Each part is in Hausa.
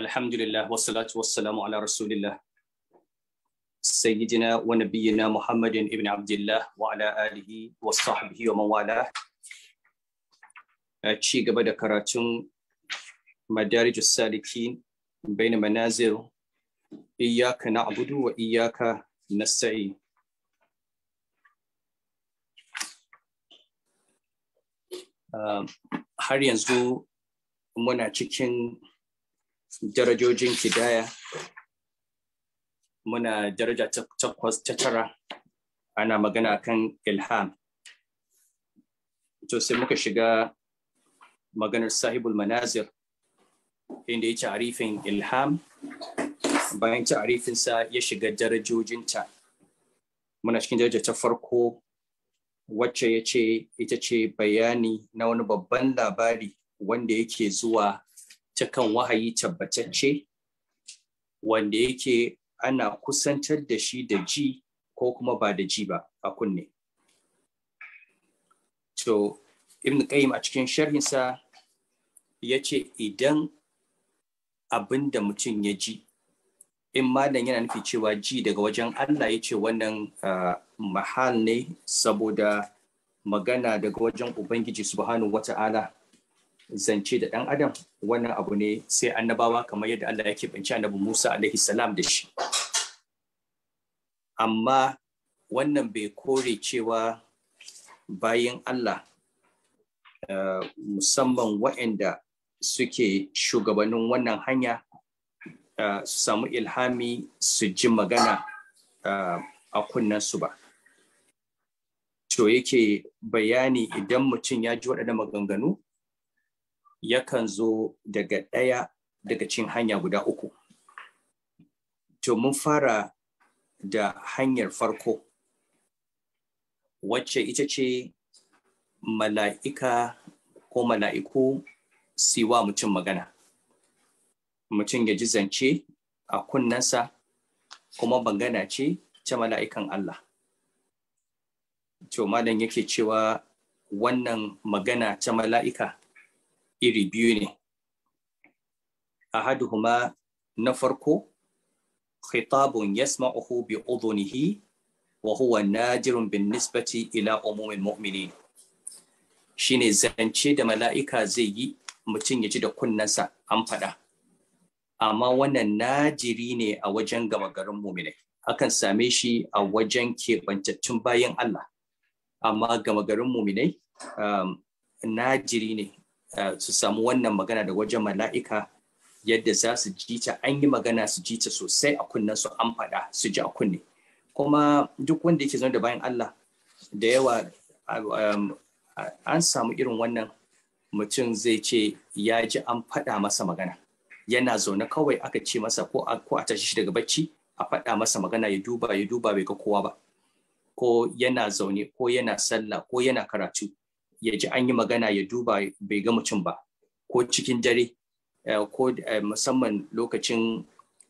alhamdulillah wassalatu wassalamu ala rasulillah سيدنا ونبينا محمد ابن عبد الله وعلى آله وصحبه mawala. والاه ci gaba da karatun madarijus salikin bain manazir iyyaka abudu wa iyyaka nasta'in um, har yanzu muna cikin darajojin kidaya muna daraja takwas ta tara ana magana kan ilham to sai muka shiga maganar sahibul manazir inda ya ci ilham bayan sa ya shiga darajojinta muna cikin daraja ta farko wacce ya ce ita ce bayani na wani babban labari wanda yake zuwa ta kan wahayi tabbatacce wanda yake ana kusantar da shi da ji ko kuma ba da ji ba a kunne. To, Ibn Qayyim a cikin sharhinsa ya ce idan abin da mutum ya ji, in malam yana nufi cewa ji daga wajen Allah ya ce wannan ah, mahal ne saboda magana daga wajen Ubangiji Subhanahu wata'ala zance da ɗan adam wannan abu ne sai annabawa kamar yadda Allah ya keɓance annabi Musa alaihi salam da shi amma wannan bai kore cewa bayan Allah eh, musamman waɗanda suke shugabannin wannan hanya eh, su samu ilhami su ji magana uh, a kunnensu ba. To yake bayani idan mutum ya ji waɗannan maganganu yakan zo daga ɗaya daga cin hanya guda uku. To mun fara da hanyar farko, wacce ita ce mala'ika ko mala'iku siwa mutum magana. Mutum ya ji zance a kunnensa kuma magana ce ta mala'ikan Allah. To malam yake cewa wannan magana ta mala'ika iri biyu ne ahaduhuma na farko khitabun yasma'uhu bi udhunihi wa huwa najirun bin nisbati ila umumin mu'minin shine zance da mala'ika zai yi mutum ya ji da kunnensa an faɗa amma wannan najiri ne a wajen gama garin muminai akan same shi a wajen keɓantattun bayan Allah amma gama garin muminai um, najiri ne Eh, su samu wannan magana da wajen mala'ika yadda za su ji ta an yi magana su ji ta sosai a kunnen su an faɗa su ji a kunne kuma duk wanda yake zaune da bayan Allah da yawa um, an samu irin wannan mutum zai ce ya ji an faɗa masa magana yana zaune kawai aka ce masa ko a tashi shi daga bacci a faɗa masa magana ya duba ya duba bai ga kowa ba ko yana zaune ko yana sallah ko yana karatu ya ji an yi magana ya duba bai ga mutum ba ko cikin dare eh, ko eh, musamman lokacin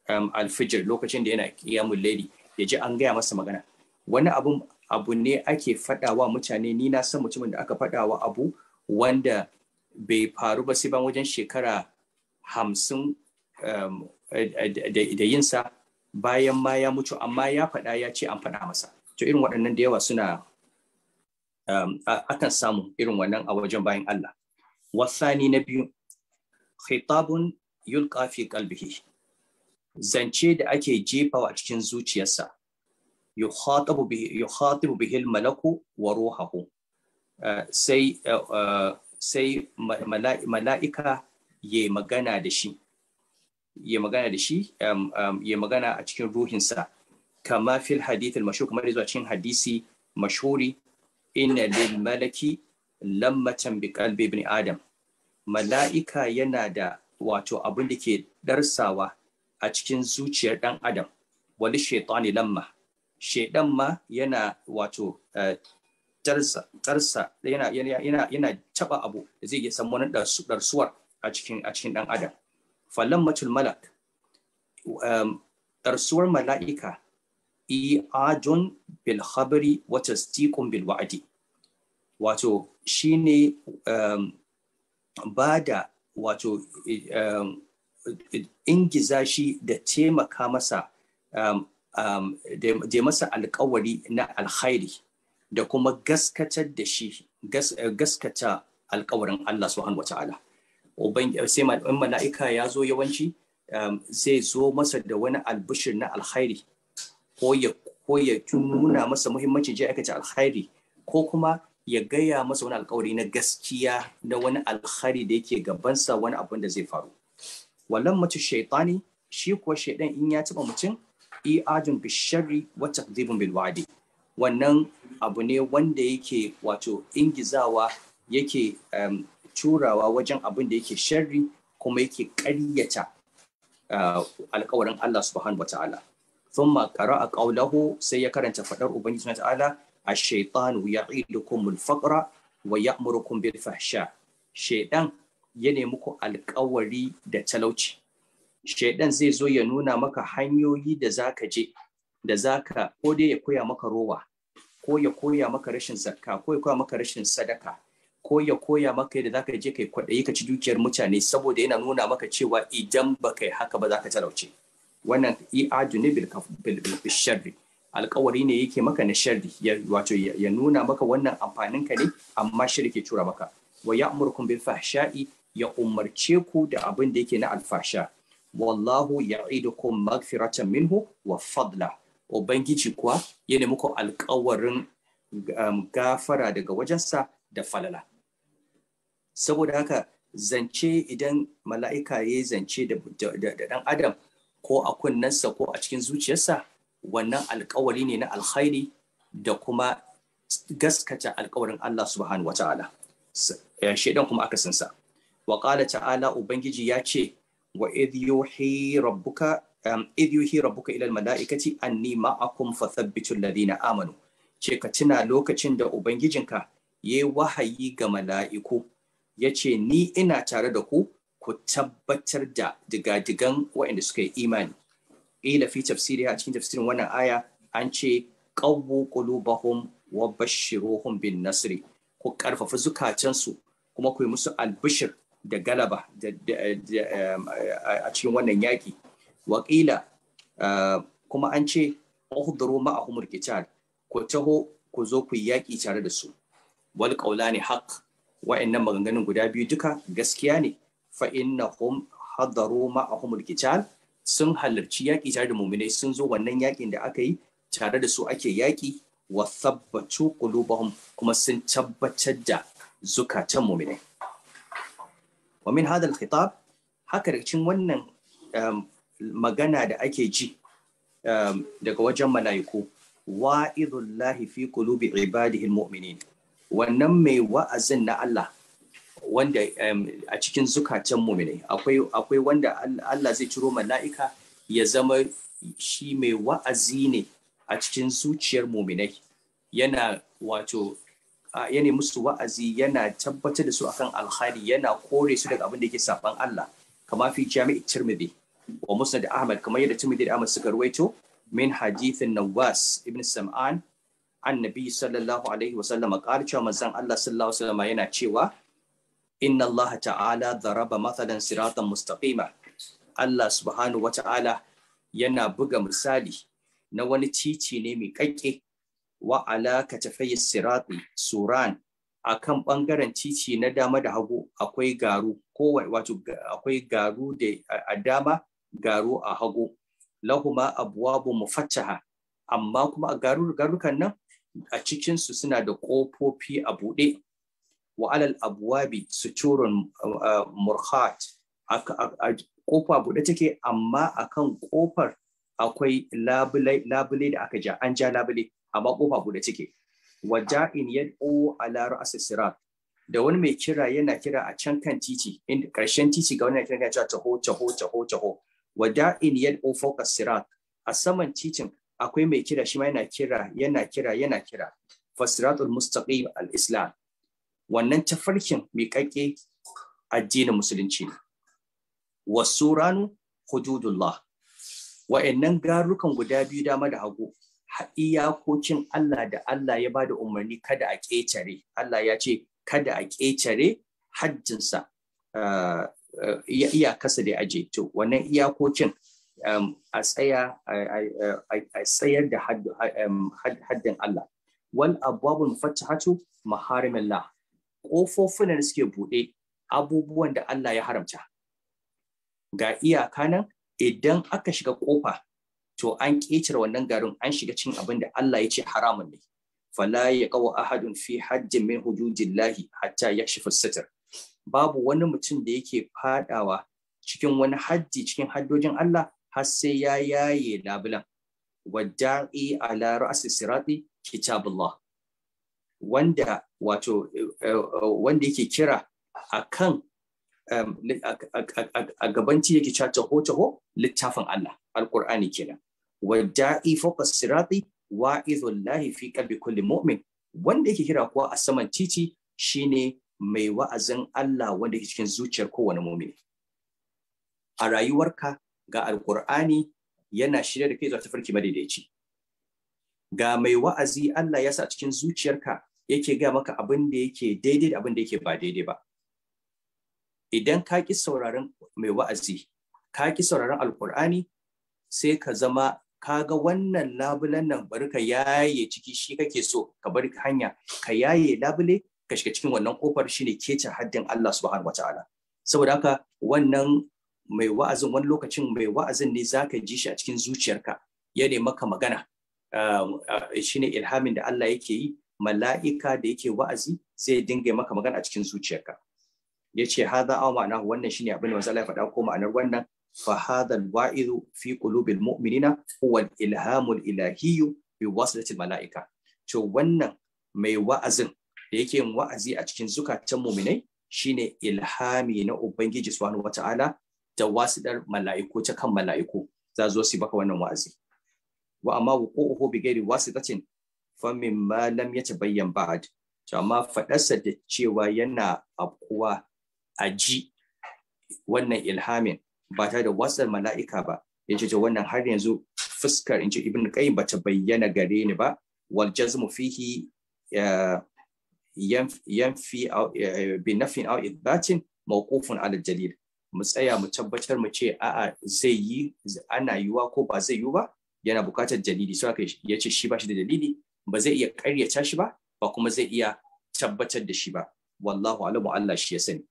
alfijir lokacin da yana kiyamun laili ya ji an gaya masa magana wani abun abu ne ake faɗawa mutane ni na san mutumin da aka faɗawa abu wanda bai faru ba sai ban wajen shekara hamsin eh, da yinsa bayan ma ya mutu amma ya faɗa ya ce an faɗa masa to irin waɗannan da yawa suna Um, akan samu irin wannan a wajen bayan Allah wasani na biyu khitabun yulka fi qalbihi zance da ake jefawa a cikin zuciyarsa yukhatabu bihi yukhatibu bihi malaku wa ruhahu uh, sai uh, uh, sai mala'ika ya magana da shi ya magana da shi um, um, ya magana a cikin ruhinsa kama fil hadith al-mashhur kamar zuwa cikin hadisi mashhuri inna lil malaki lammatan bi qalbi adam mala'ika yana da wato abin da ke darsawa a cikin zuciyar dan adam wani shaitani lamma shaidan ma yana wato tarsa eh, yana yana taba abu da zai san wani darsuwar a cikin a cikin dan adam falammatul malak darsuwar mala'ika i'ajun bil bilhabari wa tasdiqun bil wa'adi wato shine um, bada wato um, ingiza shi da taimaka masa um, um, da masa alkawari na alkhairi da kuma gaskatar da shi gaskata alkawarin Allah subhanahu wa ta'ala sai mala'ika ya zo yawanci um, zai zo masa da wani albishir na alkhairi ko ya ko ya nuna masa muhimmancin je aikata alkhairi ko kuma ya gaya masa wani alkawari na gaskiya na wani alkhairi da yake gabansa wani abin da zai faru wallan mace shaitani shi kuwa shaidan in ya taba mutum bi sharri wa takdhibun bil wa'di wannan abu ne wanda yake wato ingizawa yake turawa um, wajen abin da yake sharri kuma yake ƙaryata uh, alkawarin Allah subhanahu wa ta'ala thumma a ƙaulaho sai ya karanta faɗar ubangiji subhanahu ta'ala ash-shaytanu ya'idukumul faqra wa ya'murukum bil fahsha Shaiɗan ya nemi ku alƙawari da talauci Shaiɗan zai zo ya nuna maka hanyoyi da zaka je da zaka ko dai ya koya maka rowa ko ya koya maka rashin zakka ko ya koya maka rashin sadaka ko ya koya maka yadda zaka je kai kwaɗayi ka ci dukiyar mutane saboda yana nuna maka cewa idan ba kai haka ba zaka talauci. wannan i'ajuni bil sharri alkawari ne yake maka na sharri wato ya nuna maka wannan amfanin ka ne amma shirri ke tura maka wa ya'murukum bil fahsha'i ya umarce ku da abin da yake na alfasha wallahu ya'idukum magfiratan minhu wa fadla ubangiji kuwa yana muku alkawarin um, gafara daga wajensa da falala saboda haka zance idan mala'ika ya zance da dan adam ko a kunnensa ko a cikin zuciyarsa wannan alkawari ne na alkhairi da kuma gaskata alkawarin Allah subhanahu wa ta'ala shaidan kuma aka sansa wa ta'ala ubangiji ya ce wa idh yuhi rabbuka ilal yuhi anni ma'akum fathabbitu amanu ce ka tuna lokacin da ubangijinka yayi wahayi ga mala'iku yace ni ina tare da ku ku tabbatar da diga-digan waɗanda suka yi imani ila fi tafsiri a cikin tafsirin wannan aya an ce qawwu qulubahum wa bashiruhum bin nasri ku ƙarfafa zukatansu kuma ku yi musu albishir da galaba um, a cikin wannan yaƙi. waƙila uh, kuma an ce uhduru ma'ahum rikitar ku taho ku zo ku yi yaƙi tare da su wal ne haq wa'annan maganganun guda biyu duka gaskiya ne fa innahum hadaru ma'ahumul qital sun halarci yaƙi tare da muminai sun zo wannan yaƙin da aka yi tare da su ake yaƙi wa thabbatu qulubahum kuma sun tabbatar da zukatan muminai wa min hadha al-khitab haka da cikin wannan um, magana da ake ji um, daga wajen mala'iku wa'idullahi fi qulubi ibadihi al-mu'minin wannan mai wa'azin na Allah wanda a cikin zukatan muminai akwai wanda Allah zai ciro mala'ika ya zama shi mai wa'azi ne a cikin zuciyar muminai yana wato yana musu wa'azi yana tabbatar da su akan alhali yana kore su daga abin da yake saban Allah kama fi jami'i Tirmidhi wa Musnad Ahmad kamar yadda Tirmidhi da Ahmad suka ruwaito min hadithin Nawas ibn Sam'an annabi sallallahu alaihi wa sallam qala cewa manzon Allah sallallahu alaihi wa yana cewa inna Allah ta'ala zaraba mathalan siratan mustaqima Allah subhanahu wata'ala yana buga misali na wani titi ne mai kakke wa ala katafayyi sirati suran kan ɓangaren titi na dama da hagu akwai garu da a dama garu a hagu lahuma abwabu mufattaha amma kuma garu garukan nan a cikinsu suna da kofofi a buɗe wa alal abwabi suturun eh, murhat kofa buɗe take amma akan kofar akwai labule da aka ja an ja labule amma kofa buɗe take yi yad'u a ra'si da wani mai kira yana kira a can kan titi inda karshen titi ga wani kira cewa taho taho taho taho wada'in yad'u fawqa sirat a saman titin akwai mai kira shi ma yana kira yana kira yana kira fasiratul mustaqim al-islam wannan tafarkin miƙaƙe addinin musulunci ne wasu ranu hududullah wayannan garukan guda biyu dama da hagu iyakokin Allah da Allah ya bada umarni kada a ƙetare Allah ya ce kada a ƙetare hajjinsa ah, kasa da aje to wannan iyakokin um, a tsayar da um, haddin Allah wal abwabul fatihatu maharimillah ƙofofin da suke buɗe abubuwan da Allah ya haramta. Ga iyaka nan idan aka shiga ƙofa to an ƙetare wannan garin an shiga cikin abin da Allah ya ce haramun ne. Fala ya kawo ahadun fi hajjin min hududillahi hatta ya shi Babu wani mutum da yake fadawa cikin wani hajji cikin haddojin Allah har sai ya yaye labulan. Wadda'i ala ra'asi sirati kitabullah. wanda wato eh, eh, wanda yake kira a kan a gabanci yake cewa taho taho littafin Allah alkur'ani kenan wada'i fokus sirati lahi, fi karbi kulli mu'min wanda yake kira kuwa a saman titi shine mai wa'azin Allah wanda yake cikin zuciyar kowane mu'mini a rayuwarka ga Alƙur'ani yana shirya da kai zuwa tafarki madaidaici ga mai wa'azi Allah ya sa cikin zuciyarka yake gaya maka abin da yake daidai da abin da yake ba daidai ba idan ka ki sauraron mai wa'azi ka ki sauraron alkur'ani sai ka zama ka ga wannan labulen nan bari ka yaye ciki shi kake so ka bari hanya ka yaye labule ka shiga cikin wannan kofar shine kece haddin Allah subhanahu wataala saboda haka wannan mai wa'azin wani lokacin mai wa'azin ne zaka ji shi a cikin zuciyarka ya ne maka magana shine ilhamin da Allah yake yi mala'ika da yake wa'azi zai dinga maka magana a cikin zuciyarka ya ce hadha aw ma'ana wannan shine abin da manzo Allah ya faɗa ko ma'anar wannan fa hadha al fi qulubil mu'minina huwa ilhamul ilahiyyu bi wasilati malaika to wannan mai wa'azin da yake yin wa'azi a cikin zukatan mu'minai shine ilhami na ubangiji subhanahu wata'ala da wasidar mala'iku ta kan mala'iku za zo su baka wannan wa'azi wa amma wuqu'uhu bi wasu wasidatin famin ma lam ya bayyan ba ba'ad to amma faɗarsa da cewa yana afkuwa a ji wannan ilhamin ba tare da watsar mala'ika ba ya ce wannan har yanzu fuskar in ce ibn kai ba ta bayyana gare ni ba wal jazmu fihi yanfi bi nafin au ibatin mawqufun ala jalil mu tsaya mu tabbatar mu ce a'a zai yi ana yiwa ko ba zai yiwu ba yana bukatar dalili so aka yace shi ba shi da dalili ba zai iya ƙaryata shi ba ba kuma zai iya tabbatar da shi ba wallahu alamu Allah shi ya sani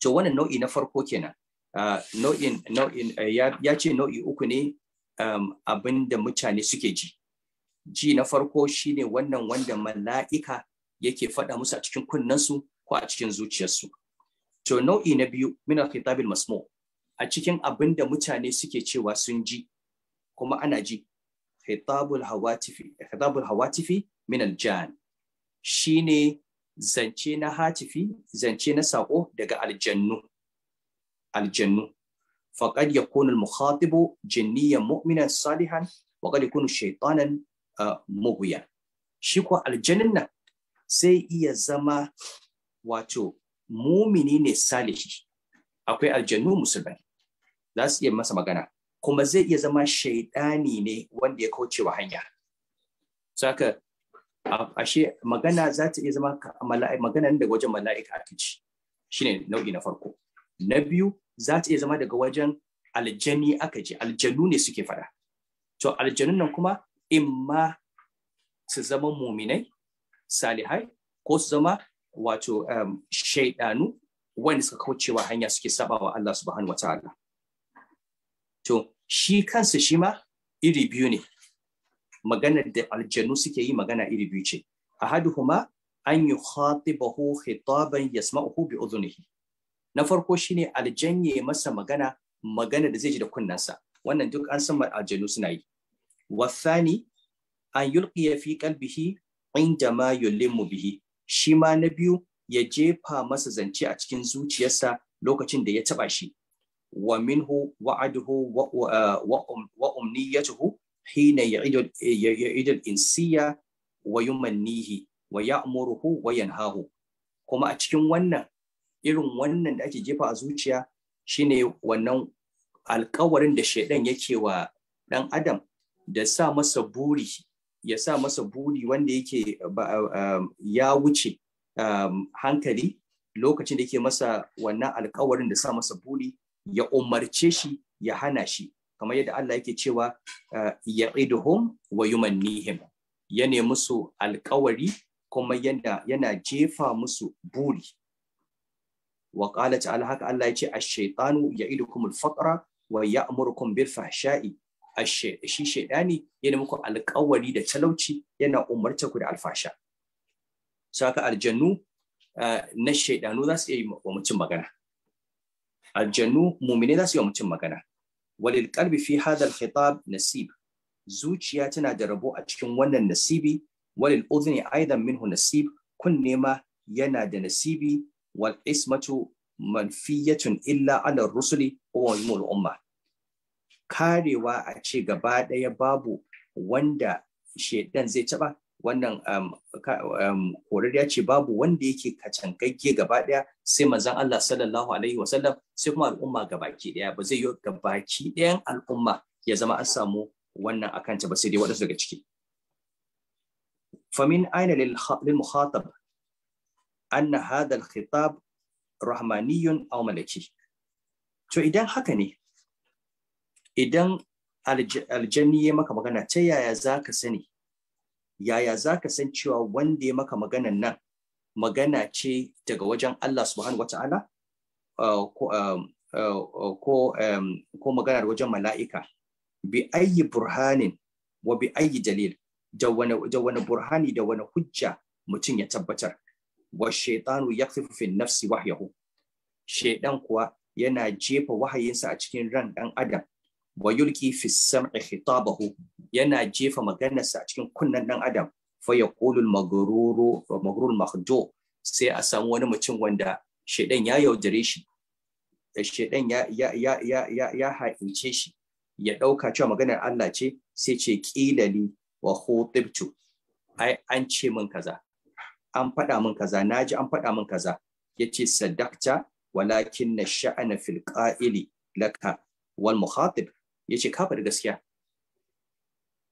to wannan nau'i na farko kenan ah, nau'in nau'in eh, ya ce nau'i uku ne um, abin da mutane suke ji ji na farko shine wannan wanda mala'ika yake faɗa musu a cikin kunnensu ko a cikin zuciyarsu to nau'i na biyu mina al masmu a cikin abin da mutane suke cewa sun ji kuma ana ji khitabul hawatifi khitabul hawatifi min aljan shine zance na hatifi zance na sako daga aljannu aljannu faqad yakunu al-mukhatibu jinniyan mu'minan salihan wa qad yakunu shaytanan uh, mughwiyan shi ko aljannin nan sai iya zama wato mumini ne salihi akwai aljannu musulmai za su iya masa magana kuma zai iya zama shaidani ne wanda ya kauce wa hanya saka ashe magana za ta iya zama magana daga wajen mala'ika a kici shine nau'i na farko na biyu za ta iya zama daga wajen aljani aka ji aljanu ne suke fada to aljanun nan kuma imma su zama muminai salihai ko su zama wato um, shaidanu wanda suka kaucewa hanya suke sabawa Allah subhanahu wataala to shi kansa shi ma iri biyu ne maganar da aljanu suke yi magana iri biyu ce ahaduhuma an yi yukhatibahu khitaban yasma'uhu bi udhunihi na farko shine aljanye masa magana magana da zai ji da kunnansa wannan duk an san aljanu suna yi wasani an yulqiya fi qalbihi inda ma yulimu bihi shi ma na biyu ya jefa masa zance a cikin zuciyarsa lokacin da ya taba shi wa minhu wa'aduhu wa uh, um, umniyatuhu hina ya'idu al-insiyya wa yumannihi wa ya'muruhu wa yanhahu kuma a cikin wannan irin wannan da ake jefa a zuciya shine wannan alkawarin da shaidan yake wa ɗan adam da masa buri ya sa masa buri wanda yake um, ya wuce um, hankali lokacin da yake masa wannan alkawarin da sa masa buri ya umarce shi ya hana shi kamar yadda Allah yake cewa ah, ya iduhum wa yumannihim ya nemi musu alkawari kuma yana, yana jefa musu buri wa qala ta'ala haka Allah yace ash-shaytanu ya'idukum al-faqra wa ya'murukum bil fahsha'i shi shaytani yana muku alkawari da talauci yana umarta ku da alfasha saka aljannu ah, na shaydanu za su yi wa mutum magana aljannu mumine za su yi wa mutum magana walil qalbi fi hadha al-khitab nasib zuciya tana da rabo a cikin wannan nasibi walil udhni aidan minhu nasib kunne ma yana da nasibi wal ismatu manfiyatun illa ala rusuli wa umma karewa a ce gaba ɗaya babu wanda shedan zai taɓa wannan um, um, korar ya ce babu wanda yake kacangagge gaba ɗaya sai manzan Allah sallallahu alaihi wasallam sai kuma al'umma gabaki ɗaya ba zai yi gabaki ɗayan al'umma ya zama an samu wannan akanta ba sai dai waɗansu daga ciki فمن أين للمخاطب أن هذا الخطاب رحماني أو ملكي to idan haka ne idan aljani ya maka magana ta yaya za ka sani yaya za ka san cewa wanda ya maka maganan nan magana ce daga wajen Allah subhanahu wata'ala uh, ko um, uh, uh, um, magana da wajen mala'ika bi ayi burhanin wa bi ayi dalil da wani burhani da wani hujja mutum ya tabbatar wa shaitanu ya fi nafsi wahyahu shaidan kuwa yana jefa wahayinsa a cikin ran ɗan adam wa yulki fi sam'i yana jefa maganarsa a cikin kunnen ɗan adam fa yaqulu al sai a san wani mutum wanda shedan ya yaudare shi eh, shedan ya ya ya ha'ince shi ya ɗauka cewa maganar Allah ce sai ce qilali wa khutibtu ai an ce min kaza an faɗa min kaza naji an faɗa min kaza Ya ce sadakta walakin na sha'ana fil qa'ili laka wal mukhatib ya ce kafa da gaskiya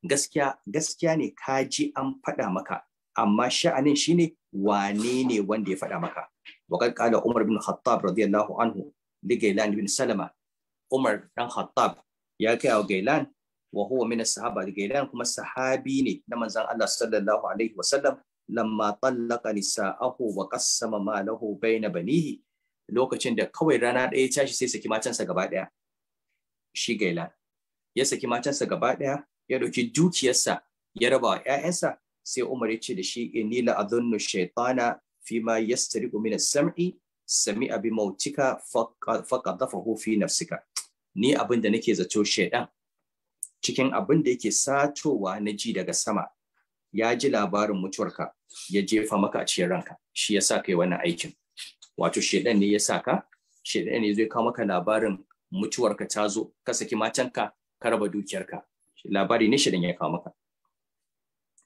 gaskiya gaskiya ne ka ji an faɗa maka amma sha'anin shine wane ne wanda ya faɗa maka wa umar bin khattab radiyallahu anhu li gailan bin salama umar dan khattab ya kai wa gailan wa huwa sahaba gailan kuma sahabi ne na manzon Allah sallallahu alaihi wasallam lamma talaqa nisa'ahu wa qassama malahu na banihi lokacin da kawai rana ɗaya ya tashi sai saki matansa gaba ɗaya shi gailan ya saki matarsa gaba ɗaya ya ɗauki dukiyarsa ya raba wa ‘ya'yansa sai Umar ya ce da shi inni la adhunnu shaytana fi ma yastariqu min as-sam'i sami'a bi mautika faqadafahu fi nafsika ni abin da nake zato shaydan cikin abin da yake satowa na ji daga sama ya ji labarin mutuwarka ya jefa maka a cikin ranka shi ya sa kai wannan aikin wato shaydan ne ya sa ka shaidan ne zai kawo maka labarin mutuwarka ta zo ka saki matanka ka raba dukiyarka labari ne shirin ya kawo maka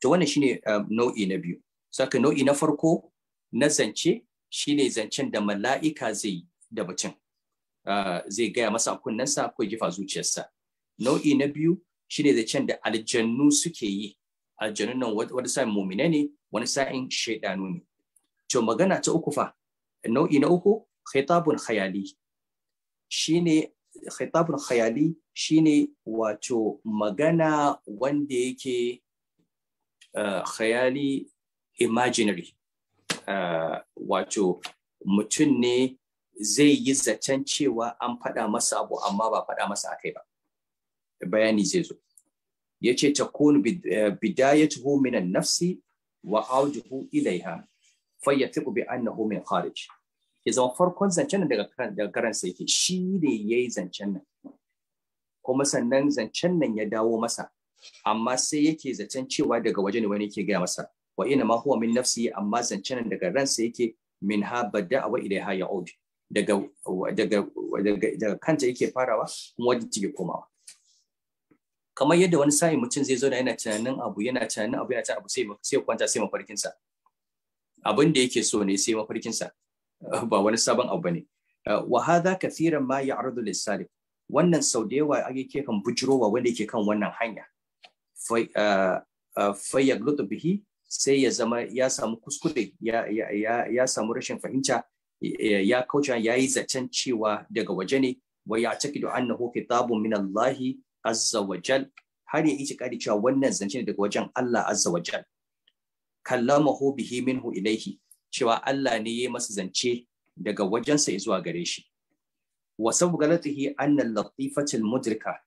to wannan shine um, nau'i na biyu saka nau'i na farko na zance shine zancen da mala'ika zai da mutum uh, zai gaya masa kunnensa ko jifa zuciyarsa nau'i na biyu shine zancen da aljannu suke yi aljannun nan wani sa'in mumine ne wani sa'in shaidanu ne to magana ta uku fa nau'i na uku khitabun khayali shine khitabul khayali shine wato magana wanda yake uh, khayali imaginary uh, wato mutum ne zai yi zaton cewa an faɗa masa abu amma ba faɗa masa akai ba bayani zai zo ya ce ta kun eh, bidayatuhu minan nafsi wa auduhu ilaiha fayyatiku bi annahu min kharij ya zama farkon zancen nan daga daga karansa yake shi ne ya yi zancen nan kuma sannan zancen nan ya dawo masa amma sai yake zancen cewa daga waje ne wani yake gaya masa wa ina ma huwa min nafsi amma zancen nan daga ransa yake min ha badda wa ha ya'ud daga daga daga kanta yake farawa kuma wajen take komawa kamar yadda wani sa'in mutum zai zo da yana tunanin abu yana tunanin abu yana tunanin abu sai sai kwanta sai mafarkinsa abin da yake so ne sai mafarkinsa ba wani sabon abu bane eh, wa hadha kathiran ma ya'rudu lis-salik. wannan sau da yawa ake kan bujirowa wanda yake kan wannan hanya Fa eh, eh, ya glutu bihi sai ya zama ya samu kuskure ya samu rashin fahimta ya kauce ya yi zaton cewa daga waje ne wa ya taki da annahu kitabun min Allahi azza wa jal har ya ici kari cewa wannan zance ne daga wajen Allah azza wa jal kallamahu bihi minhu ilaihi cewa Allah ne ya masa zance daga wajen wajensa zuwa gare shi wa sabu galatihi anna latifatul mudrika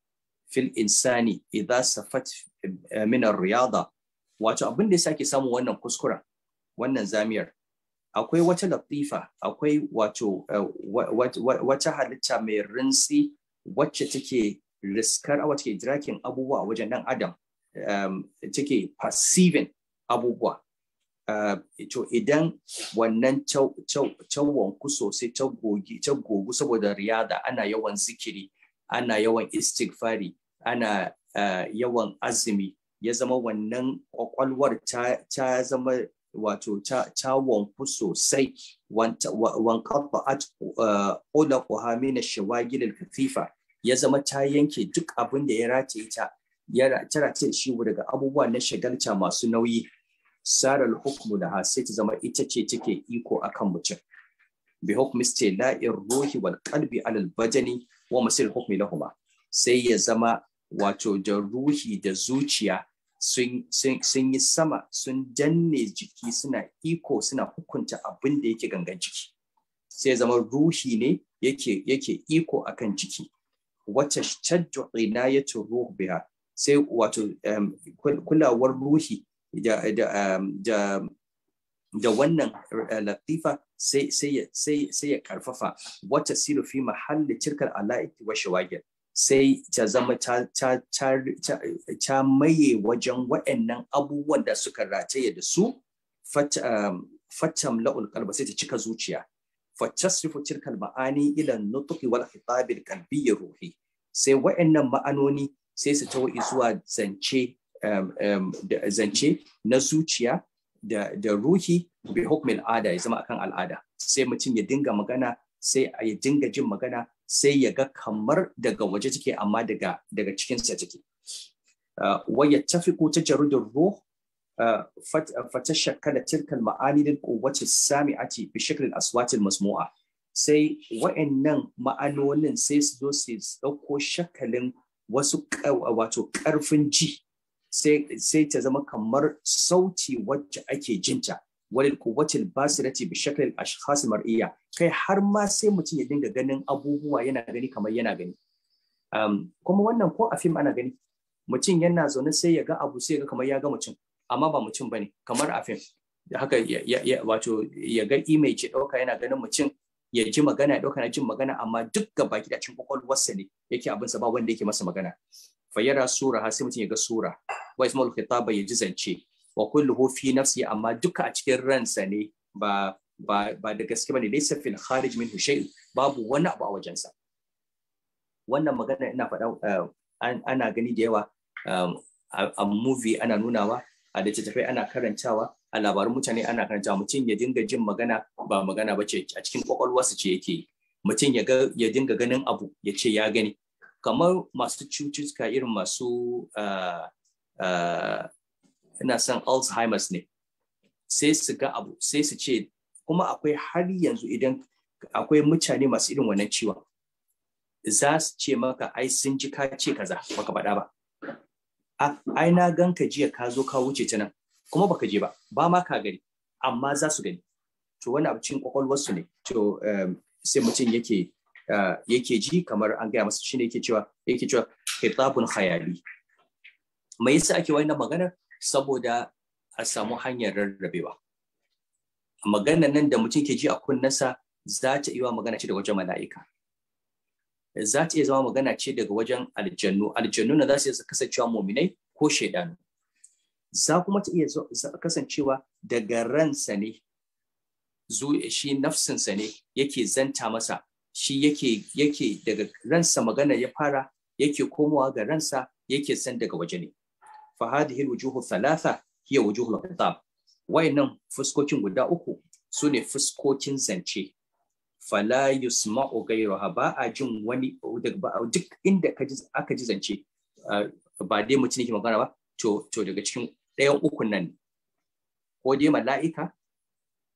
fil insani idza safat eh, min riyada wato abin da yake samu wannan kuskura wannan zamiyar akwai wata latifa akwai wato eh, wata halitta mai rinsi wacce take riskar wacce take drakin abubuwa wajen dan adam eh, take perceiving abubuwa Eh, to idan wannan ku sosai gogu saboda riyada ana yawan zikiri ana yawan istighfari ana eh, yawan azumi ya zama wannan kwakwalwar ta zama wato cawon ku sosai wankafa a ƙoda kuhami eh, na shawagilin kafifa ya zama ta yanke duk abinda ya rataye ta ya rataye shi daga abubuwa na shagalta masu nauyi saral da ha sai ta zama ita ce take iko akan mutum bi hukmi stila'ir ruhi wal qalbi alal badani wa masil hukmi lahuma sai ya zama wato da ruhi da zuciya sun yi sama sun danne jiki suna iko suna hukunta abin da yake gangan jiki sai zama ruhi ne yake iko akan jiki wata shaddu inayatu ruh biha sai wato kulawar ruhi da um, wannan uh, latifa sai ya karfafa wata siru fi mahalli cirkar ala'iti wa shawagir sai ta zama ta maye wajen waɗannan abubuwan da suka rataye da su um, fatam la'ul kalba sai ta cika zuciya Fa tasrifu tilkal ma'ani ila nutqi wal khitabil qalbiyyi ruhi sai waɗannan ma'anoni sai su tawo zuwa zance Um, um, zance na zuciya da, da ruhi bi hukumin al'ada ya zama akan al'ada sai mutum ya dinga magana sai ya dinga jin magana sai ya ga kamar daga waje take amma daga daga cikinsa take uh, wa ta tajarrudur ruh uh, ta tilka al-ma'ani din quwwati sami samiati bi shakl aswatin al-masmu'a sai wa'annan ma'anonin sai su zo su dauko shakalin wasu wato karfin ji sai ta zama kamar sauti wacce ake jinta walil quwwatil basirati bi shaklil ashkhas mar'iya kai har ma sai mutum ya dinga ganin abubuwa yana gani kamar yana gani um, kuma wannan ko a fim ana gani mutum yana zaune sai ya ga abu sai ya ga kamar ya ga mutum amma ba mutum bane kamar a fim haka wato ya ga image dauka yana ganin mutum ya ji magana ya dauka na jin magana amma duk gaba gida cikin kwakwalwarsa ne yake abinsa ba wanda yake masa magana fayyara sura har sai mutum ya ga sura wa ismul khitaba ya ji zance wa kulluhu fi nafsi amma duka a cikin ransa ne ba ba ba da gaske bane laysa fil kharij minhu shay babu wani abu a wajensa wannan magana ina faɗa eh, ana gani da yawa um, a movie ana nunawa a littattafai ana karantawa a labarin mutane ana karantawa mutum ya dinga jin magana ba magana ba ce a cikin kwakwalwarsa ce yake mutum ya dinga ganin abu ya ce ya gani kamar masu cututtuka irin masu ah, ah, ina son alzheimer's ne sai su ga abu sai su ce kuma akwai har yanzu idan akwai mutane masu irin wannan ciwon za su ce maka ai sun ji ka ce kaza baka faɗa ba ai na ganka jiya ka zo ka wuce ta nan kuma baka je ba ba ma ka gani amma za su gani to wani abu cikin kwakwalwarsu ne to eh, sai mutum yake yake ji kamar an gaya masa shine yake cewa yake cewa kitabun khayali me yasa ake wannan magana saboda a samu hanyar rarrabewa magana nan da mutum ke ji a kunnensa za ta iya magana ce daga wajen mala'ika za ta iya zama magana ce daga wajen aljannu aljannu na za su iya kasancewa muminai ko shaidanu za kuma ta iya kasancewa daga ransa ne shi nafsinsa ne yake zanta masa shi yake yake daga ransa magana ya fara yake komowa ga ransa yake san daga waje ne fa hadhihi wujuhu thalatha hiya wujuhul khitab wayannan fuskokin guda uku sune fuskokin zance fala yusma'u ghayruha ba a jin wani duk inda aka ji zance ah, ba dai mutum yake magana ba to to daga cikin ɗayan uku nan ko dai mala'ika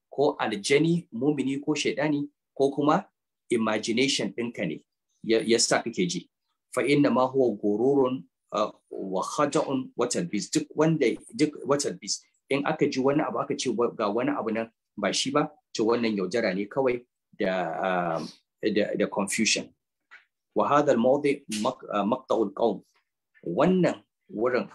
ko aljani mumini ko shaidani ko kuma imagination ɗinka ne ya sa kake ji fa inna ma huwa gororun uh, wa khada'un wa talbis duk wanda duk wa talbis in aka ji wani abu aka ce ga wani abu nan ba shi ba to wannan yaudara ne kawai da um, da confusion wa hadha al-mawdi uh, qawm wannan wurin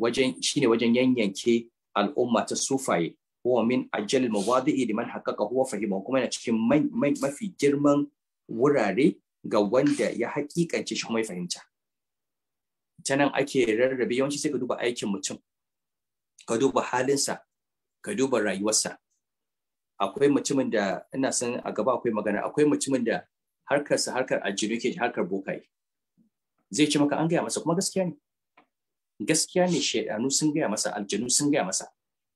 wajen shine wajen yanyanke al'umma ta sufaye huwa min ajal mawadi'i liman haqqaqa huwa fahimahu kuma yana cikin mafi girman wurare ga wanda ya hakikance shi kuma ya fahimta ta nan ake rarrabe yawanci sai ka duba aikin mutum ka duba halinsa ka duba rayuwarsa akwai mutumin da ina san a gaba akwai magana akwai mutumin da harkarsa harkar ajiru ke harkar bokaye zai ce maka an gaya masa kuma gaskiya ne gaskiya ne shaidanu sun gaya masa aljanu sun gaya masa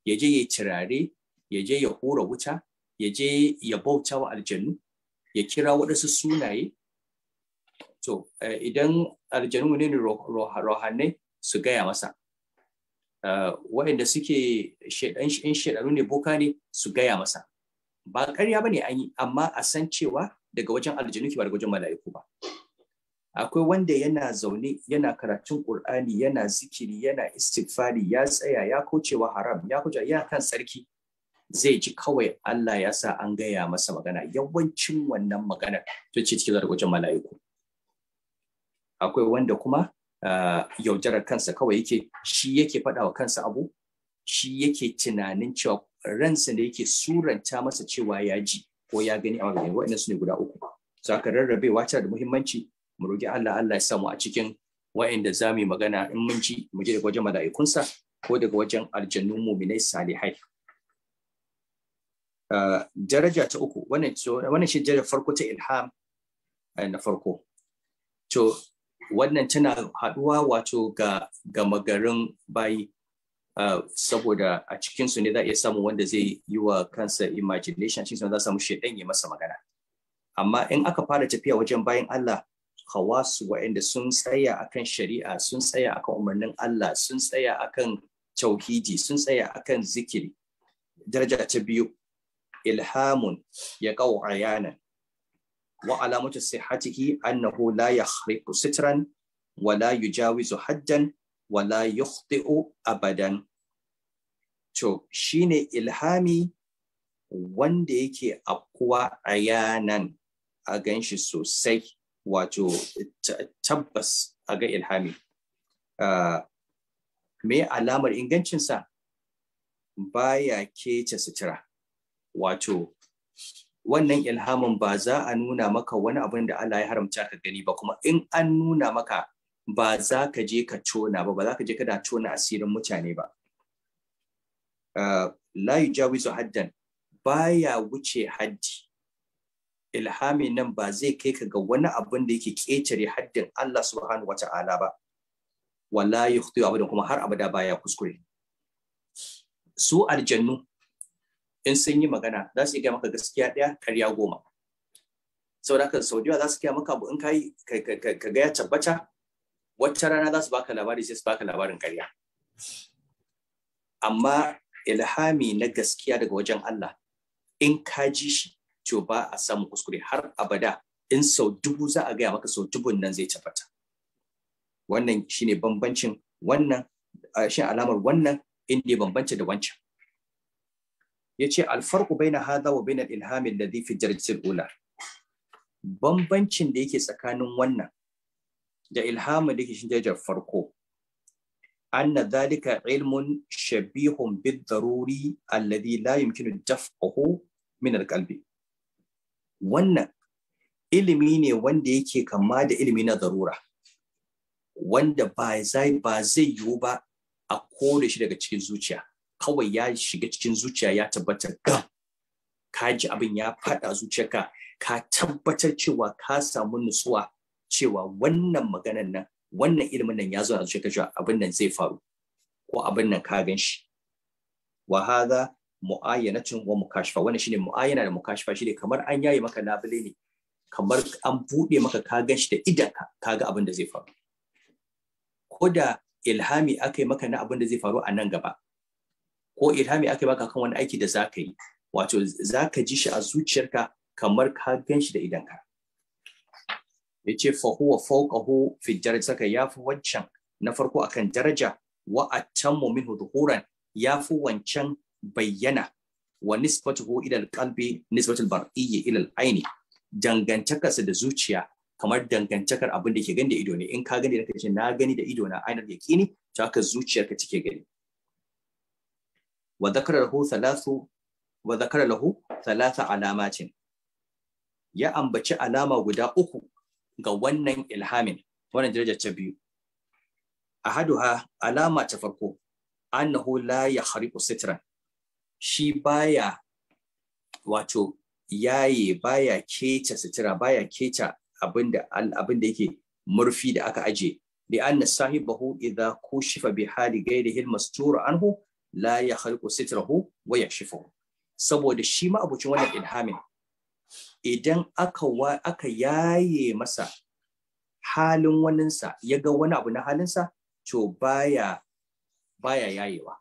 ya je ya turare ya je ya hura wuta ya je ya bauta wa aljanu ya kira waɗansu sunaye to eh, idan aljanu ne rohanai su gaya masa eh, waɗanda suke in shaɗanu ne boka ne su gaya masa ba ƙarya ba ne an amma a san cewa daga wajen aljanu ke ba daga wajen mala'iku ba akwai wanda yana zaune yana karatun ƙur'ani yana zikiri yana istighfari ya tsaya ya kaucewa haram ya kuce yana kan tsarki zai ji kawai Allah ya sa an gaya masa magana yawancin wannan magana to ce cikin zargocin mala'iku akwai wanda kuma ah, yaudarar kansa kawai yake shi yake faɗa wa kansa abu shi yake tunanin cewa ransa da yake suranta masa cewa ya ji ko ya gani a magana wa'annan su ne guda uku saka rarrabewa wata da muhimmanci mu roki Allah Allah ya samu a cikin wa'inda za mu magana in mun ji mu je daga wajen mala'ikunsa ko daga wajen aljannun muminai salihai Eh, daraja ta uku wannan shi daraja farko ta ilham eh, na farko to wannan tana haɗuwa wato ga gama garin bayi eh, saboda a cikinsu ne za a iya samu wanda zai yi wa kansa imagination shi za a samu shaidan ya masa magana amma in aka fara tafiya wajen bayan Allah hawasu wa'anda sun tsaya akan shari'a sun tsaya akan umarnin Allah sun tsaya akan tauhidi sun tsaya akan zikiri daraja ta biyu ilhamun ya kawo ayanan wa alamatu sihhatihi annahu la yakhriqu sitran wa la yujawizu haddan wa la yukhti'u abadan to shine ilhami wanda yake afkuwa ayanan a ganshi sosai wato tabbas a ga ilhami me alamar ingancinsa baya kece sutura wato wannan ilhamin ba za a nuna maka wani abin da Allah ya haramta ka gani ba kuma in an nuna maka ba za ka je ka tona ba ba za ka je kana tona asirin mutane ba ah, la yujawizu haddan baya wuce haddi Ilhami nan ba zai kai ka ga wani abin da yake ƙetare haddin Allah subhanahu wa ba wala yukhti abadan kuma har abada baya kuskure su aljannu in sun yi magana za su iya maka gaskiya ɗaya karya goma saboda haka sau da za su gaya maka abu in yi, ka gaya tabbata wacce rana za su baka labari sai su baka labarin karya amma ilhami na gaskiya daga wajen Allah in ka ji shi to ba a samu kuskure har abada in sau dubu za a gaya maka sau dubun nan zai tabbata wannan shine bambancin wannan shi alamar wannan inda ya da wancan yace alfarqu baina hadha wa baina al-ilham alladhi fi jarjatil ula bambancin da yake tsakanin wannan da ilhamin da yake shi jajar farko anna dhalika ilmun shabihun bid-daruri alladhi la yumkinu daf'uhu min al-qalbi wannan ilimi ne wanda yake kama da ilimi na darura wanda ba zai ba zai yiwu ba a kore shi daga cikin zuciya kawai ya shiga cikin zuciya ya tabbata ga ka ji abin ya faɗa zuciyarka ka tabbatar cewa ka samu nutsuwa cewa wannan maganan nan wannan ilimin nan ya zo a zuciyarka cewa abin nan zai faru ko abin nan ka gan shi wa hadha mu'ayyanatun wa mukashifa wannan shine mu'ayyana da mukashifa shine kamar an yaye maka labule ne kamar an buɗe maka ka gan shi da idanka ka ga abin da zai faru ko da ilhami akai yi maka na abin da zai faru a nan gaba ko ilhami aka baka kan wani aiki da za ka yi wato za ka ji shi a zuciyarka kamar ka gan shi da idanka ya ce fahuwa fauqahu fi saka ya fi wancan na farko akan daraja wa can momin dhuhuran ya fi wancan bayyana wa nisbatuhu ila kalbi nisbatul bar ila al-aini dangantakarsa da zuciya kamar dangantakar abin da ke gani da ido ne in ka gani da kace na gani da ido na ainar ne to haka zuciyarka take gani wa zakara lahu alama ce. ya ambaci alama guda uku ga wannan ilhamin wannan darajar ta biyu ahaduha alama ta farko annahu la yahriqu sitran shi baya wato yaye baya kece sitira baya kece abinda abinda yake murfi da aka aje li anna sahibahu idha kushifa bi hali ghairihi al-mastur anhu la ya khalqu sitrahu wa yakshifu saboda shi ma abucin wannan ilhamin idan aka wa aka yaye masa halin waninsa ya ga wani abu na halinsa to baya baya yayewa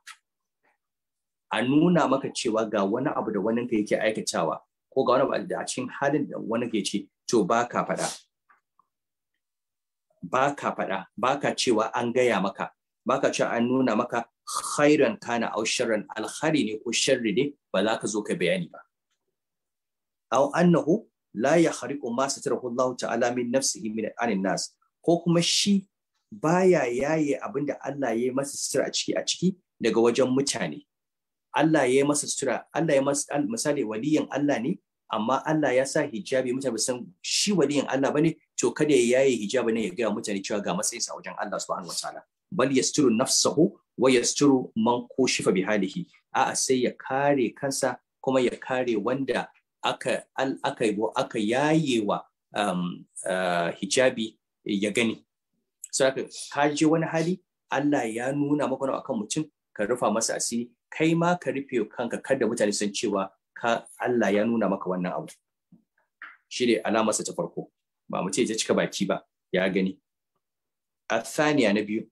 a nuna maka cewa ga wani abu da waninka yake aikatawa ko ga wani abu da a cikin halin da wani ke ce to ba ka faɗa ba ka cewa an gaya maka baka cewa an nuna maka khairan kana aw sharran alkhari ne ko sharri ne ba za ka zo ka bayani ba aw annahu la yahriqu ma satarahu Allah ta'ala min nafsihi min anin nas ko kuma shi baya yaye abinda Allah ya yi masa sutura a ciki a ciki daga wajen mutane Allah ya yi masa sutura Allah ya masa misali waliyin Allah ne amma Allah ya sa hijabi mutane san shi waliyin Allah bane to kada ya yaye hijabi ne ya ga mutane cewa ga matsayinsa wajen Allah subhanahu wataala bal yasturu nafsahu wa yasturu man kushifa bi halihi a'a sai ya kare kansa kuma ya kare wanda aka aka aka yayewa um, uh, hijabi ya gani so ka je wani hali Allah ya nuna maka akan mutum ka rufa masa asiri kai ma ka rufe kanka kada mutane san cewa ka Allah ya nuna maka wannan abu shi ne alamarsa ta farko ba mu ce ya cika baki ba ya gani a na biyu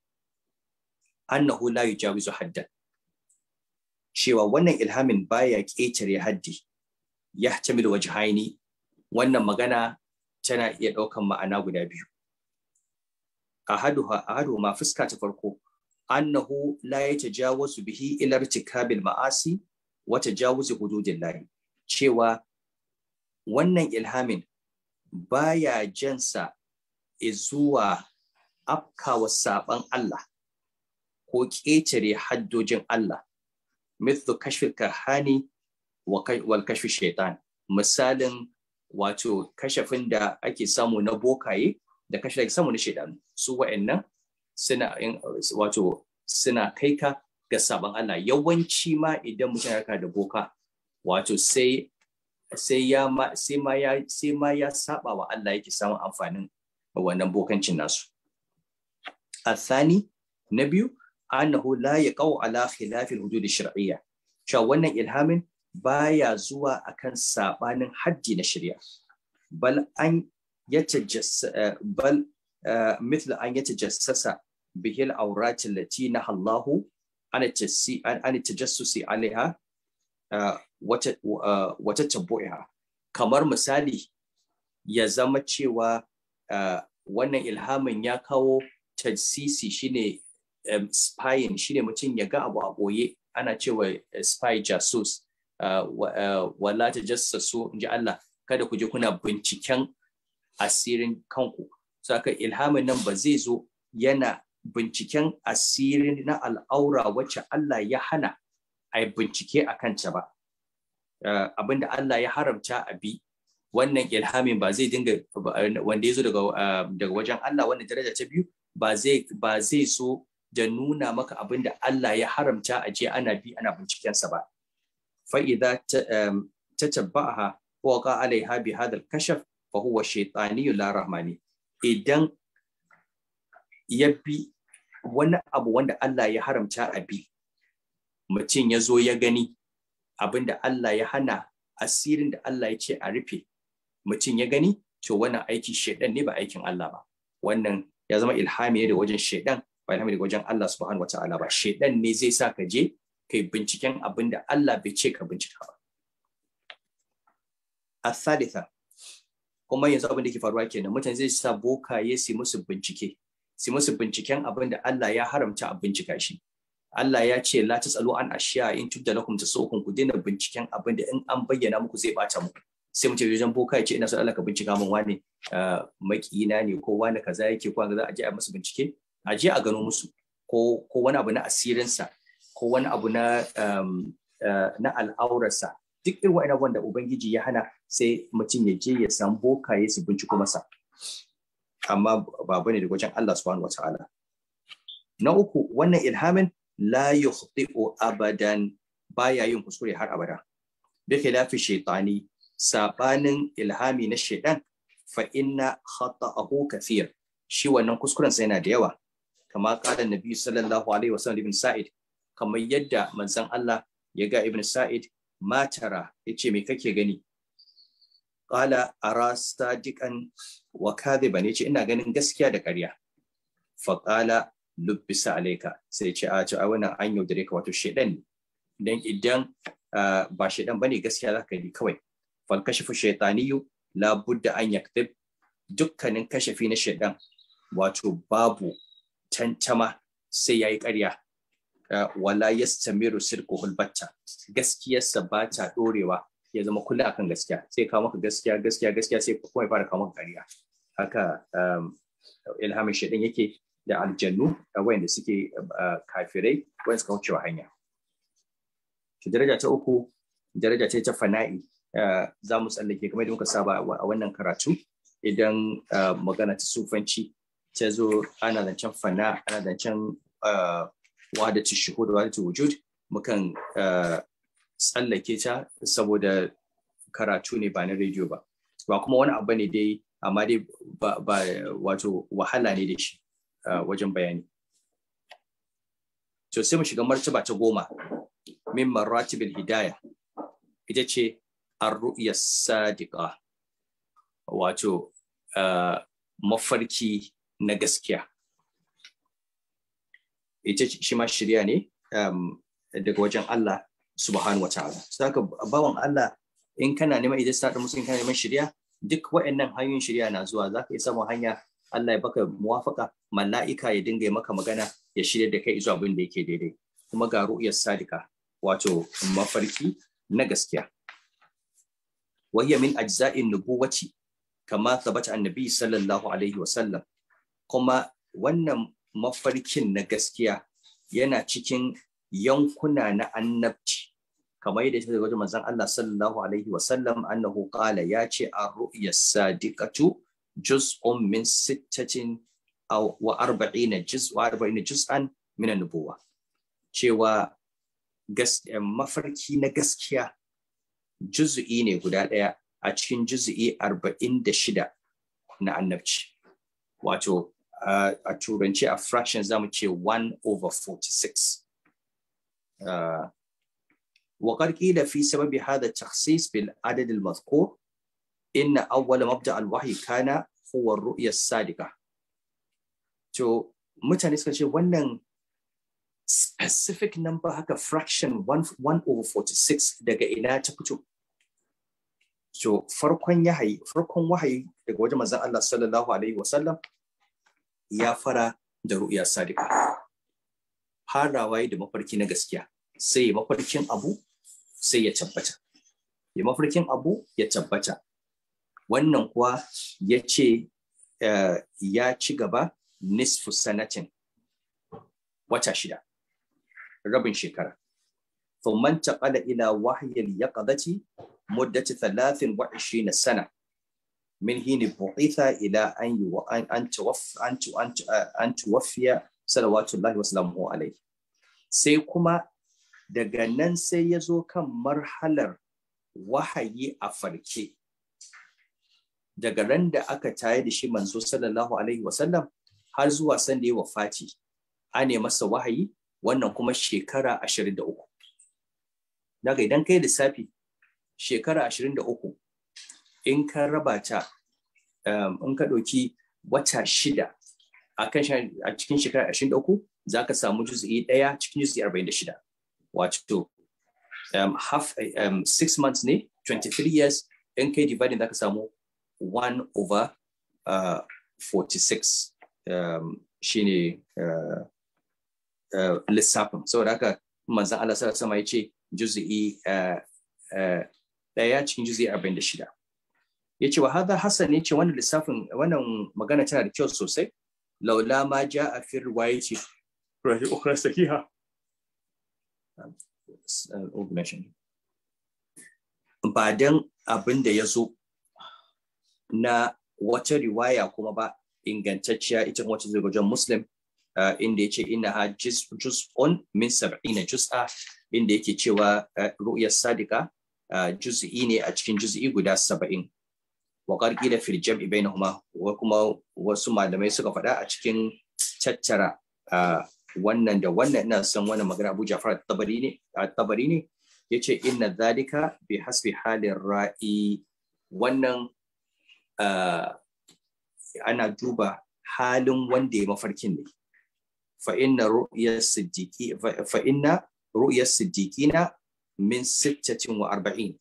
annahu la yujawizu haddan cewa wannan ilhamin baya ƙetare haddi ya tamil wajhaini wannan magana tana iya ɗaukan ma'ana guda biyu A hadu ma fuska ta farko annahu la yatajawazu bihi ila irtikabil ma'asi wa tajawuzi hududillahi cewa wannan ilhamin baya jansa zuwa afkawa saban Allah ko ƙetare haddojin Allah mithu kashfil kahani wal kashfi shaitan misalin wato kashafin da ake samu na bokaye da kashe ake samu na shaitan su wa'annan suna wato suna kai ka ga sabon Allah yawanci ma idan mutum ya da boka wato sai ya ma sai ma ya sai saba wa Allah yake samun amfanin wannan bokancin nasu sani na biyu annahu la yaqau ala khilaf al-hudud ash-shar'iyya cewa wannan ilhamin baya zuwa akan sabanin haddi na shari'a bal an yatajassa eh, bal مثل أن يتجسس به الأورات التي نهى الله عن التجسس عليها وتتبعها kamar misali ya zama cewa eh, wannan ilhamin ya kawo tajsisi shine Um, spying shine mutum ya ga abu a ɓoye, ana cewa eh, spy jasus uh, uh, wala ta jassasu in ji Allah kada ku je kuna binciken asirin kanku aka ilhamin nan ba zai zo yana binciken asirin na al'aura wacce Allah ya hana a bincike a kanta ba uh, abinda Allah ya haramta a bi wannan ilhamin ba zai dinga wanda ya zo daga um, wajen Allah wannan daraja ta biyu ba zai so da nuna maka abin da Allah ya haramta a je ana bi ana bincikensa ba fa idza tabbaha wa ka alaiha bi hadal kashaf fa huwa shaytaniyyu la rahmani idan ya bi wani abu wanda Allah ya haramta a bi mutum ya zo ya gani abin da Allah ya hana asirin da Allah ya ce a rufe mutum ya gani to wannan aiki shaidan ne ba aikin Allah ba wannan ya zama ilhami da wajen shaidan ba ilhami daga wajen Allah subhanahu wataala ba shedan ne zai sa ka je kai binciken abin da Allah bai ce ka bincika ba athalitha kuma yanzu abin da ke faruwa kenan mutane zai sa boka ya si musu bincike su musu binciken abin da Allah ya haramta a bincika shi Allah ya ce la tasalu an ashiya in tudda lakum tasawukum ku daina binciken abin da in an bayyana muku zai bata muku sai mutum wajen boka ya ce ina son Allah ka bincika min wani ah, makina ne ko wani kaza yake ko za a je a masa bincike a je a gano musu ko ko wani abu na asirinsa ko wani abu na um, eh, na al'aurarsa duk irin wa'ina wanda ubangiji ya hana sai mutum ya je ya san bokaye su binciko masa amma ba bane da wajen Allah subhanahu wataala na uku wannan ilhamin la yukhti'u abadan baya yin kuskure har abada bi lafi shaitani sabanin ilhami na shaitan fa inna khata'ahu kathir shi wannan kuskuren sai yana da yawa kama qala nabi sallallahu alaihi sallam ibn sa'id kamar yadda manzon Allah ya ga ibn sa'id matara yace me kake gani qala ara sadiqan wa kadhiban yace ina ganin gaskiya da ƙarya fa qala lubbisa alaika sai ce a ce a wannan an yaudare ka wato shedan ne dan idan ba shedan bane gaskiya zaka yi kawai fal kashifu shaytaniyu la budda an yaktib dukkanin kashafi na shedan wato babu cancama sai ya yi ƙarya wala ya yastamiru sirquhul batta gaskiyarsa ba ta dorewa ya zama kula akan gaskiya sai kawo maka gaskiya gaskiya gaskiya sai kuma ya fara kawo maka karya haka um, ilhamin shaɗin yake da aljannu wayanda suke uh, kafirai wayanda suka wucewa hanya to daraja ta uku daraja ta ta fana'i uh, za mu tsallake game da muka saba a wannan karatu idan uh, magana ta sufanci ta zo ana zancen fana ana zancen ah, wadatu shuhud wujud mukan ah, tsallake ta saboda karatu ne ba na rediyo ba ba kuma wani abu ne dai amma dai ba wato wahala ne da shi ah, wajen bayani to sai mu shiga martaba ta goma min maratibil hidaya ita ce an ruya sadiqa wato mafarki na gaskiya ita shi ma shirya ne um, daga wajen Allah subhanahu wa ta'ala saka bawan Allah in kana neman idan sa musu in kana neman shirya duk waɗannan hanyoyin shirya na zuwa za zaka iya samun hanya Allah ya baka muwafaka mala'ika ya dinga maka magana ya shirya da kai zuwa abin da yake daidai kuma ga ru'yar sadika wato mafarki na gaskiya wa من أجزاء النبوة كما ثبت عن annabi? Sallallahu alaihi wa sallam. kuma wannan mafarkin na gaskiya yana cikin yankuna na annabci kamar yadda ta wajen manzon Allah sallallahu alaihi wa sallam annahu qala ya ce ar-ru'ya sadiqatu juz'un min sittatin aw wa arba'ina juz wa arba'ina juz'an min an-nubuwa cewa eh, mafarki na gaskiya juz'i ne guda ɗaya a cikin juz'i arba'in da shida na annabci wato a turance a fraction zamu ce 1 over 46 وقد قيل في سبب هذا التخصيص بالعدد المذكور إن أول مبدأ الوحي كان هو الرؤية الصادقة to mutane suka ce wannan specific number haka fraction 1 over 46 daga ina ta fito farkon yahayi farkon wahayi daga wajen manzon Allah sallallahu alaihi wasallam ya fara da ru'ya sadiqa farawa da mafarki na gaskiya sai ya mafarkin abu sai ya tabbata ya mafarkin abu ya tabbata wannan kuwa ya ce eh, ya ci gaba nisfu sanatin wata shida rabin shekara ثم انتقل إلى وحي اليقظة مدة 23 sana. min hini bu'itha ila an yi an sai kuma daga nan sai ya zo kan marhalar wahayi a farke daga ran da aka tayar da shi manzo sallallahu alaihi har zuwa san ya wafati wahayi wannan kuma shekara 23 daga idan kai lissafi shekara in ka raba ta um, in ka ɗauki wata shida a cikin shekara ashirin da uku za ka samu juzi ɗaya cikin juzi arba'in da shida wato um, half um, six months ne 23 years in ka yi dividing za ka samu 1 over 46 uh, shi shine lissafin, uh, sau uh, lissafin saboda haka manzan Allah sama ya ce juzi ɗaya cikin juzi arba'in da shida ya ce wa hada hassan ya ce wannan lissafin wannan magana tana da kyau sosai laula ma ja fi riwayati uh, ba dan abin da ya zo na wata riwaya kuma ba ingantacciya ita wacce zai muslim uh, inda ya ce ina ha on min sab'ina juz'a inda yake cewa uh, ru'yar sadika juz'i ne a cikin juz'i guda saba'in wa da firjam jam'i bainahuma wa kuma wasu malamai suka faɗa a cikin tattara wannan da wannan ina son wannan magana Abu Ja'far tabari ne tabari yace inna zalika bi hasbi halin ra'i wannan ana duba halin wanda ya mafarkin ne fa inna ru'yas siddiqi fa inna min sittatin wa arba'in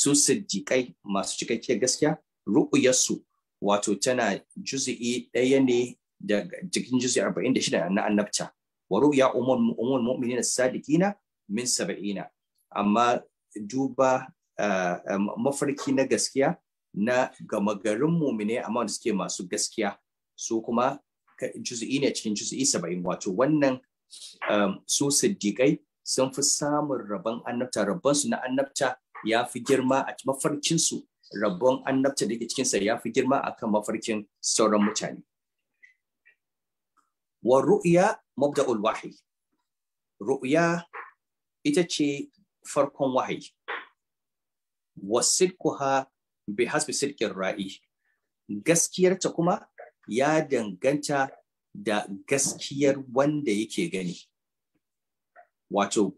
su siddiƙai masu cikakkiyar gaskiya ru'uyarsu wato tana juzi'i ɗaya ne da cikin juzi'i arba'in da shida na annabta wa ru'ya umar mu'minina sadiqina min saba'ina amma duba eh, eh, mafarki na gaskiya na gama garin mumine amma wanda suke masu gaskiya su kuma juzi'i ne cikin juzi'i saba'in wato wannan eh, su siddiƙai sun fi samun rabon annabta rabonsu na annabta ya fi girma a mafarkinsu rabon annabta da ke sa ya fi girma akan mafarkin sauran mutane. Wa ru'ya mabda'ul wahi. Ru'ya ita ce farkon wahyi Wa sidquha bi hasbi sidqin ra'i. Gaskiyarta kuma ya danganta da gaskiyar wanda yake gani. Wato,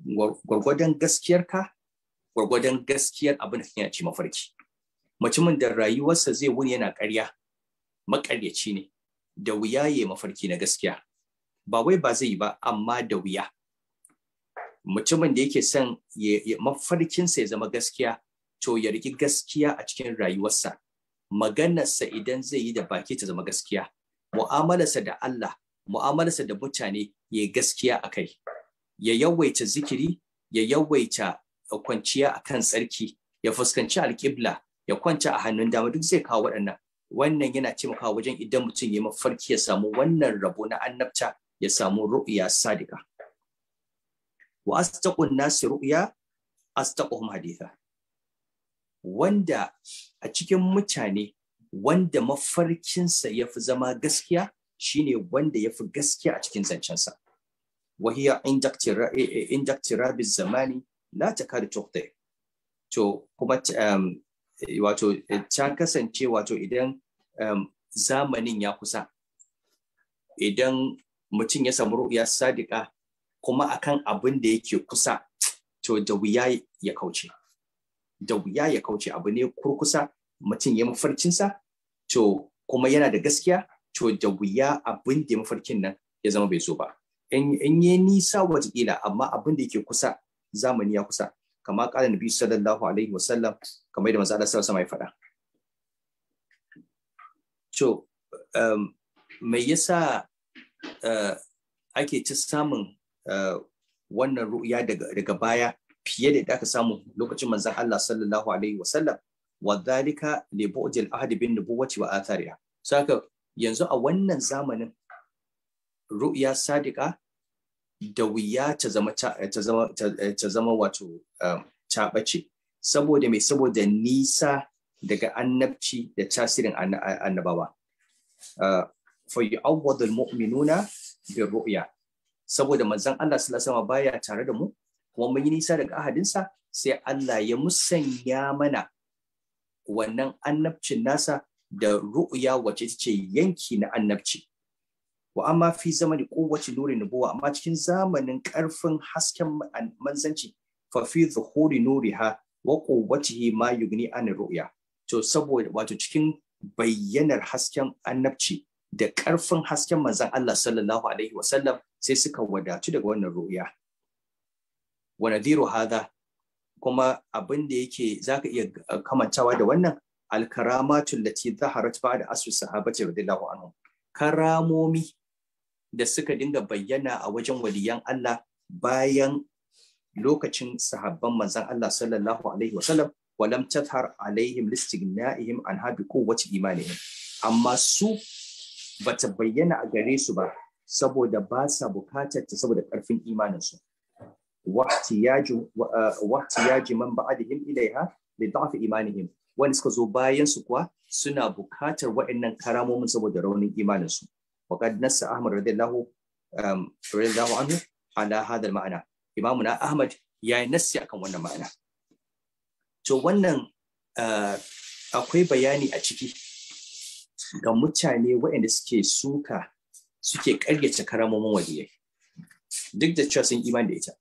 gwargwadon gaskiyarka, gwargwadon gaskiyar abin da kake ci mafarki. mutumin da rayuwarsa zai wuni yana ƙarya maƙaryaci ne da wuya ya mafarki na gaskiya ba wai ba zai yi ba amma da wuya mutumin da yake son mafarkinsa ya zama gaskiya to ya riki gaskiya a cikin rayuwarsa maganarsa idan zai yi da baki ta zama gaskiya mu'amalarsa da Allah mu'amalarsa da mutane ya gaskiya a kai ya yawaita zikiri ya yawaita kwanciya akan kan tsarki ya fuskanci alƙibla ya kwanta a hannun dama duk zai kawo waɗannan wannan yana taimakawa wajen idan mutum ya mafarki ya samu wannan rabo na annabta ya samu ru'ya sadika wa astaqun nasi ru'ya astaquhum haditha wanda a cikin mutane wanda mafarkinsa ya fi zama gaskiya shine wanda ya fi gaskiya a cikin zancensa wahiya indaktira bizamani la takadu tuqti to kuma um, Eh, wato eh, ta kasance wato idan zamanin ya kusa idan mutum ya samu ru'ya sadika kuma akan abin da yake kusa to da wuya ya kauce da wuya ya kauce abu ne kurkusa mutum ya mafarkinsa to kuma yana da gaskiya to da wuya abin da mafarkin nan ya zama bai so ba in ya nisa wajibila amma abin da yake kusa zamani ya kusa kama qala nabi sallallahu alaihi wasallam kamar yadda manzo Allah sallallahu alaihi wasallam ya faɗa to mai um, me yasa uh, ake ci samun uh, wannan ru'ya daga, baya fiye da yadda aka samu lokacin manzon Allah sallallahu alaihi wasallam wa dhalika li bu'dil ahdi bin nubuwati wa athariha saka yanzu a wannan zamanin ru'ya sadiqa da wuya ta zama wato um, ta ɓace saboda mai saboda nisa daga annabci da tasirin annabawa for you the mu'minuna bi ru'ya saboda manzon Allah sallallahu alaihi wasallam baya tare da mu kuma mun yi nisa daga ahadinsa sai Allah ya musanya mana wannan annabcin nasa da ru'ya wacce ce yanki na annabci wa amma fi da kowace nuri buwa amma cikin zamanin karfin hasken manzanci fa fi zuhuri ha wa yi ma yugni an ru'ya to saboda wato cikin bayyanar hasken annabci da karfin hasken manzan Allah sallallahu alaihi wasallam sai suka wadatu daga wannan ru'ya wa nadhiru hadha kuma abin da yake zaka iya kamantawa da wannan alkaramatu lati zaharat ba'da asr sahabati radiyallahu anhum karamomi da suka dinga bayyana a wajen waliyan Allah bayan lokacin sahabban manzon Allah sallallahu alaihi wasallam walam tathar alaihim listigna'ihim an habi imanihim amma su bata bayyana a gare su ba saboda ba sa bukatar ta saboda karfin imaninsu uh, yaji man ba'adihim ilaiha li da'fi imanihim wani suka zo bayan su kuwa suna bukatar wa'annan karamomin saboda raunin imaninsu وقد نص احمد رضي الله رضي الله عنه على هذا المعنى امامنا احمد يا نص wannan ma'ana to wannan akwai bayani a ciki ga mutane waɗanda suke suka suke ƙaryace karamomin waliyai duk da cewa sun imani da ita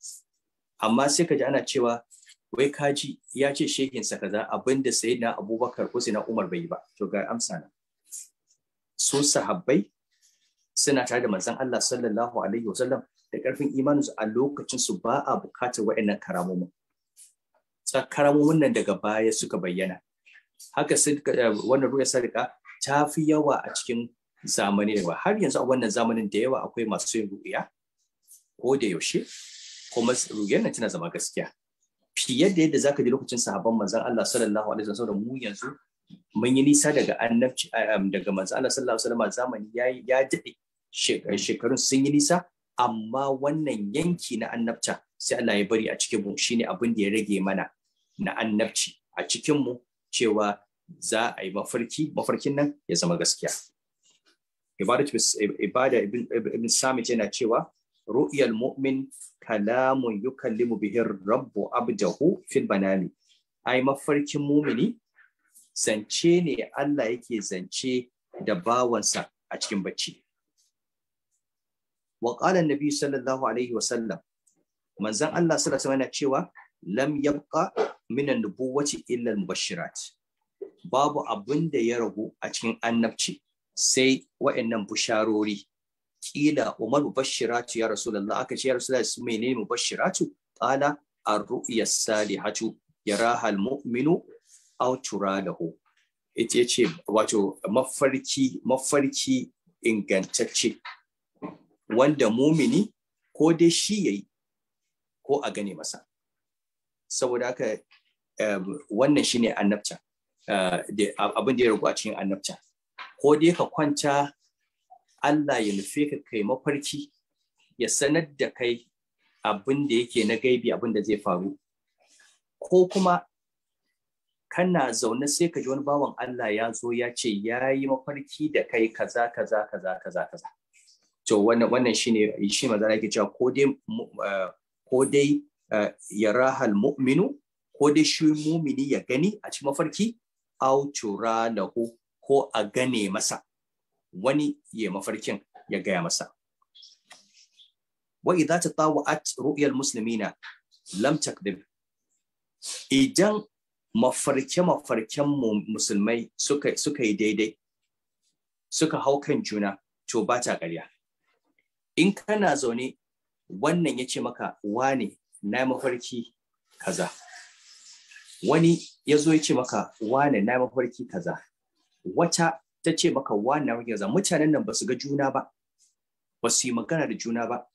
amma sai ka ji ana cewa wai kaji ya ce shekin sa kaza abinda sai na abubakar ko sai na umar bai yi ba to ga amsa na su sahabbai suna tare da manzon Allah sallallahu alaihi wasallam da karfin imanin su a lokacin su ba a bukatar wa'annan karamomin karamomin nan daga baya suka bayyana haka eh, wannan ruwa sarika ta fi yawa a cikin zamani da har yanzu a wannan zamanin da yawa akwai masu yin ruya ko da yaushe kuma ruyar nan tana zama gaskiya fiye da yadda zaka ji lokacin sahabban manzon Allah sallallahu alaihi wasallam da mu yanzu mun yi nisa daga annabci eh, daga manzon Allah sallallahu alaihi wasallam zamani ya ya dade shekarun sun yi nisa amma wannan yanki na annabta sai Allah ya bari a cikinmu shi ne abin da ya rage mana na annabci a cikinmu cewa za a yi mafarki mafarkin nan ya zama gaskiya ibada ibn samit yana cewa ru'yal mu'min kalamun mu bihin rabbu abdahu fil a ai mafarkin mumini zance ne Allah yake zance da bawansa a cikin bacci wa qala sallallahu alaihi wasallam manzon Allah sallallahu alaihi wasallam yana cewa lam yabqa min an-nubuwwati illa babu abin da ya ragu a cikin annabci sai wa'annan bisharori kila umar bashiratu ya lalla. aka ce ya rasulullah su menene bashiratu? Ƙala ar-ru'ya salihatu yaraha al-mu'minu aw turadahu ita ce wato mafarki mafarki ingantacce wanda mumini ko dai shi ya yi, ko a gane masa saboda haka um, wannan shi ne annabta uh, abin da ya rubu a cikin annabta ko dai ka kwanta Allah ya nufe ka kai mafarki ya sanar da kai abin da yake na gaibi abin da zai faru ko kuma kana zaune sai ka ji wani bawan Allah ya zo ya ce ya yi mafarki da kai kaza kaza kaza kaza kaza To wannan wannan shine shi manzala yake cewa ko dai eh, ko dai eh, ya rahal mu'minu ko dai shi mumini ya gani a cikin mafarki au tura lahu ko a gane masa wani ya mafarkin ya gaya masa wa idza tatawa'at ru'yal muslimina lam takdib idan mafarke mafarken musulmai suka suka yi daidai suka hau kan juna to ba ta ƙarya in kana zaune wannan ya ce maka wane na mafarki kaza wani ya zo ya ce maka wane na mafarki kaza wata ta ce maka wane na mafarki kaza mutanen nan ba su ga juna ba ba su yi magana da juna ba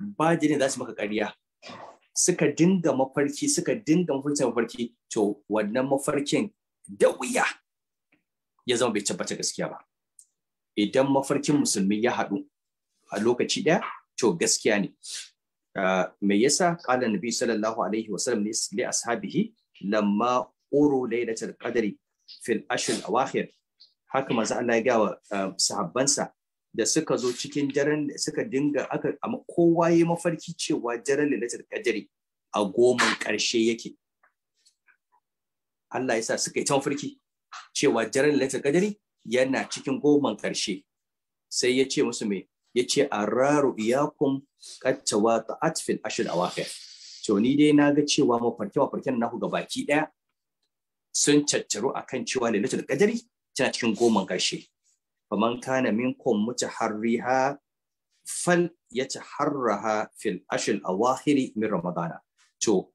ba ne za su maka ƙarya suka dinga mafarki suka dinga mafarki mafarki to wannan mafarkin da wuya ya zama bai tabbata gaskiya ba idan mafarkin musulmi ya haɗu a lokaci ɗaya to gaskiya ne ah, me yasa qala nabi sallallahu alaihi wasallam li ashabihi lamma uru laylatul qadri fil ashr al awakhir haka manzo Allah ya gawa ah, sahabbansa da suka zo cikin daren suka dinga aka kowa ya mafarki cewa daren laylatul qadri a goman karshe yake Allah ya sa suka yi ta mafarki cewa daren laylatul qadri yana cikin goman karshe sai ya ce musu me yace araru iyakum kattawa ta'at fil ashir awakhir to ni dai na ga cewa mafarke mafarken naku ga baki ɗaya sun a akan cewa da qadari tana cikin goman karshe faman kana minkum mutaharriha fal yataharraha fil ashir awakhir min ramadana to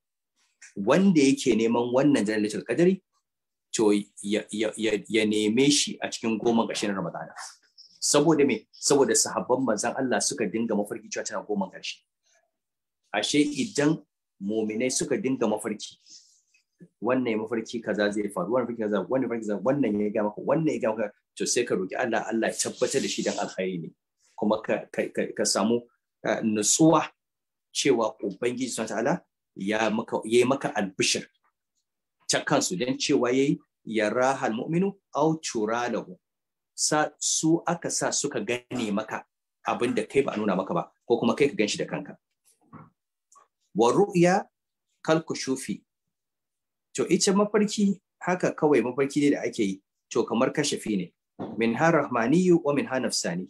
wanda yake neman wannan da kadari to ya neme shi a cikin goma na ramadana saboda me saboda sahabban manzon Allah suka dinga mafarki cewa tana goma karshe ashe idan muminai suka dinga mafarki wannan mafarki kaza zai faru wannan mafarki kaza wannan mafarki kaza wannan ya ga maka wannan ya ga maka to sai ka roki Allah Allah ya tabbatar da shi dan alkhairi ne kuma ka ka samu nutsuwa cewa ubangiji subhanahu ta'ala ya maka yayi maka albishir ta kansu dan cewa yayi ya rahal mu'minu au tura su aka sa suka gane maka abin da kai ba a nuna maka ba ko kuma kai ka gan da kanka wa ru'ya kal kushufi to ita mafarki haka kawai mafarki ne da ake yi to kamar kashafi ne min ha rahmaniyu wa min ha nafsani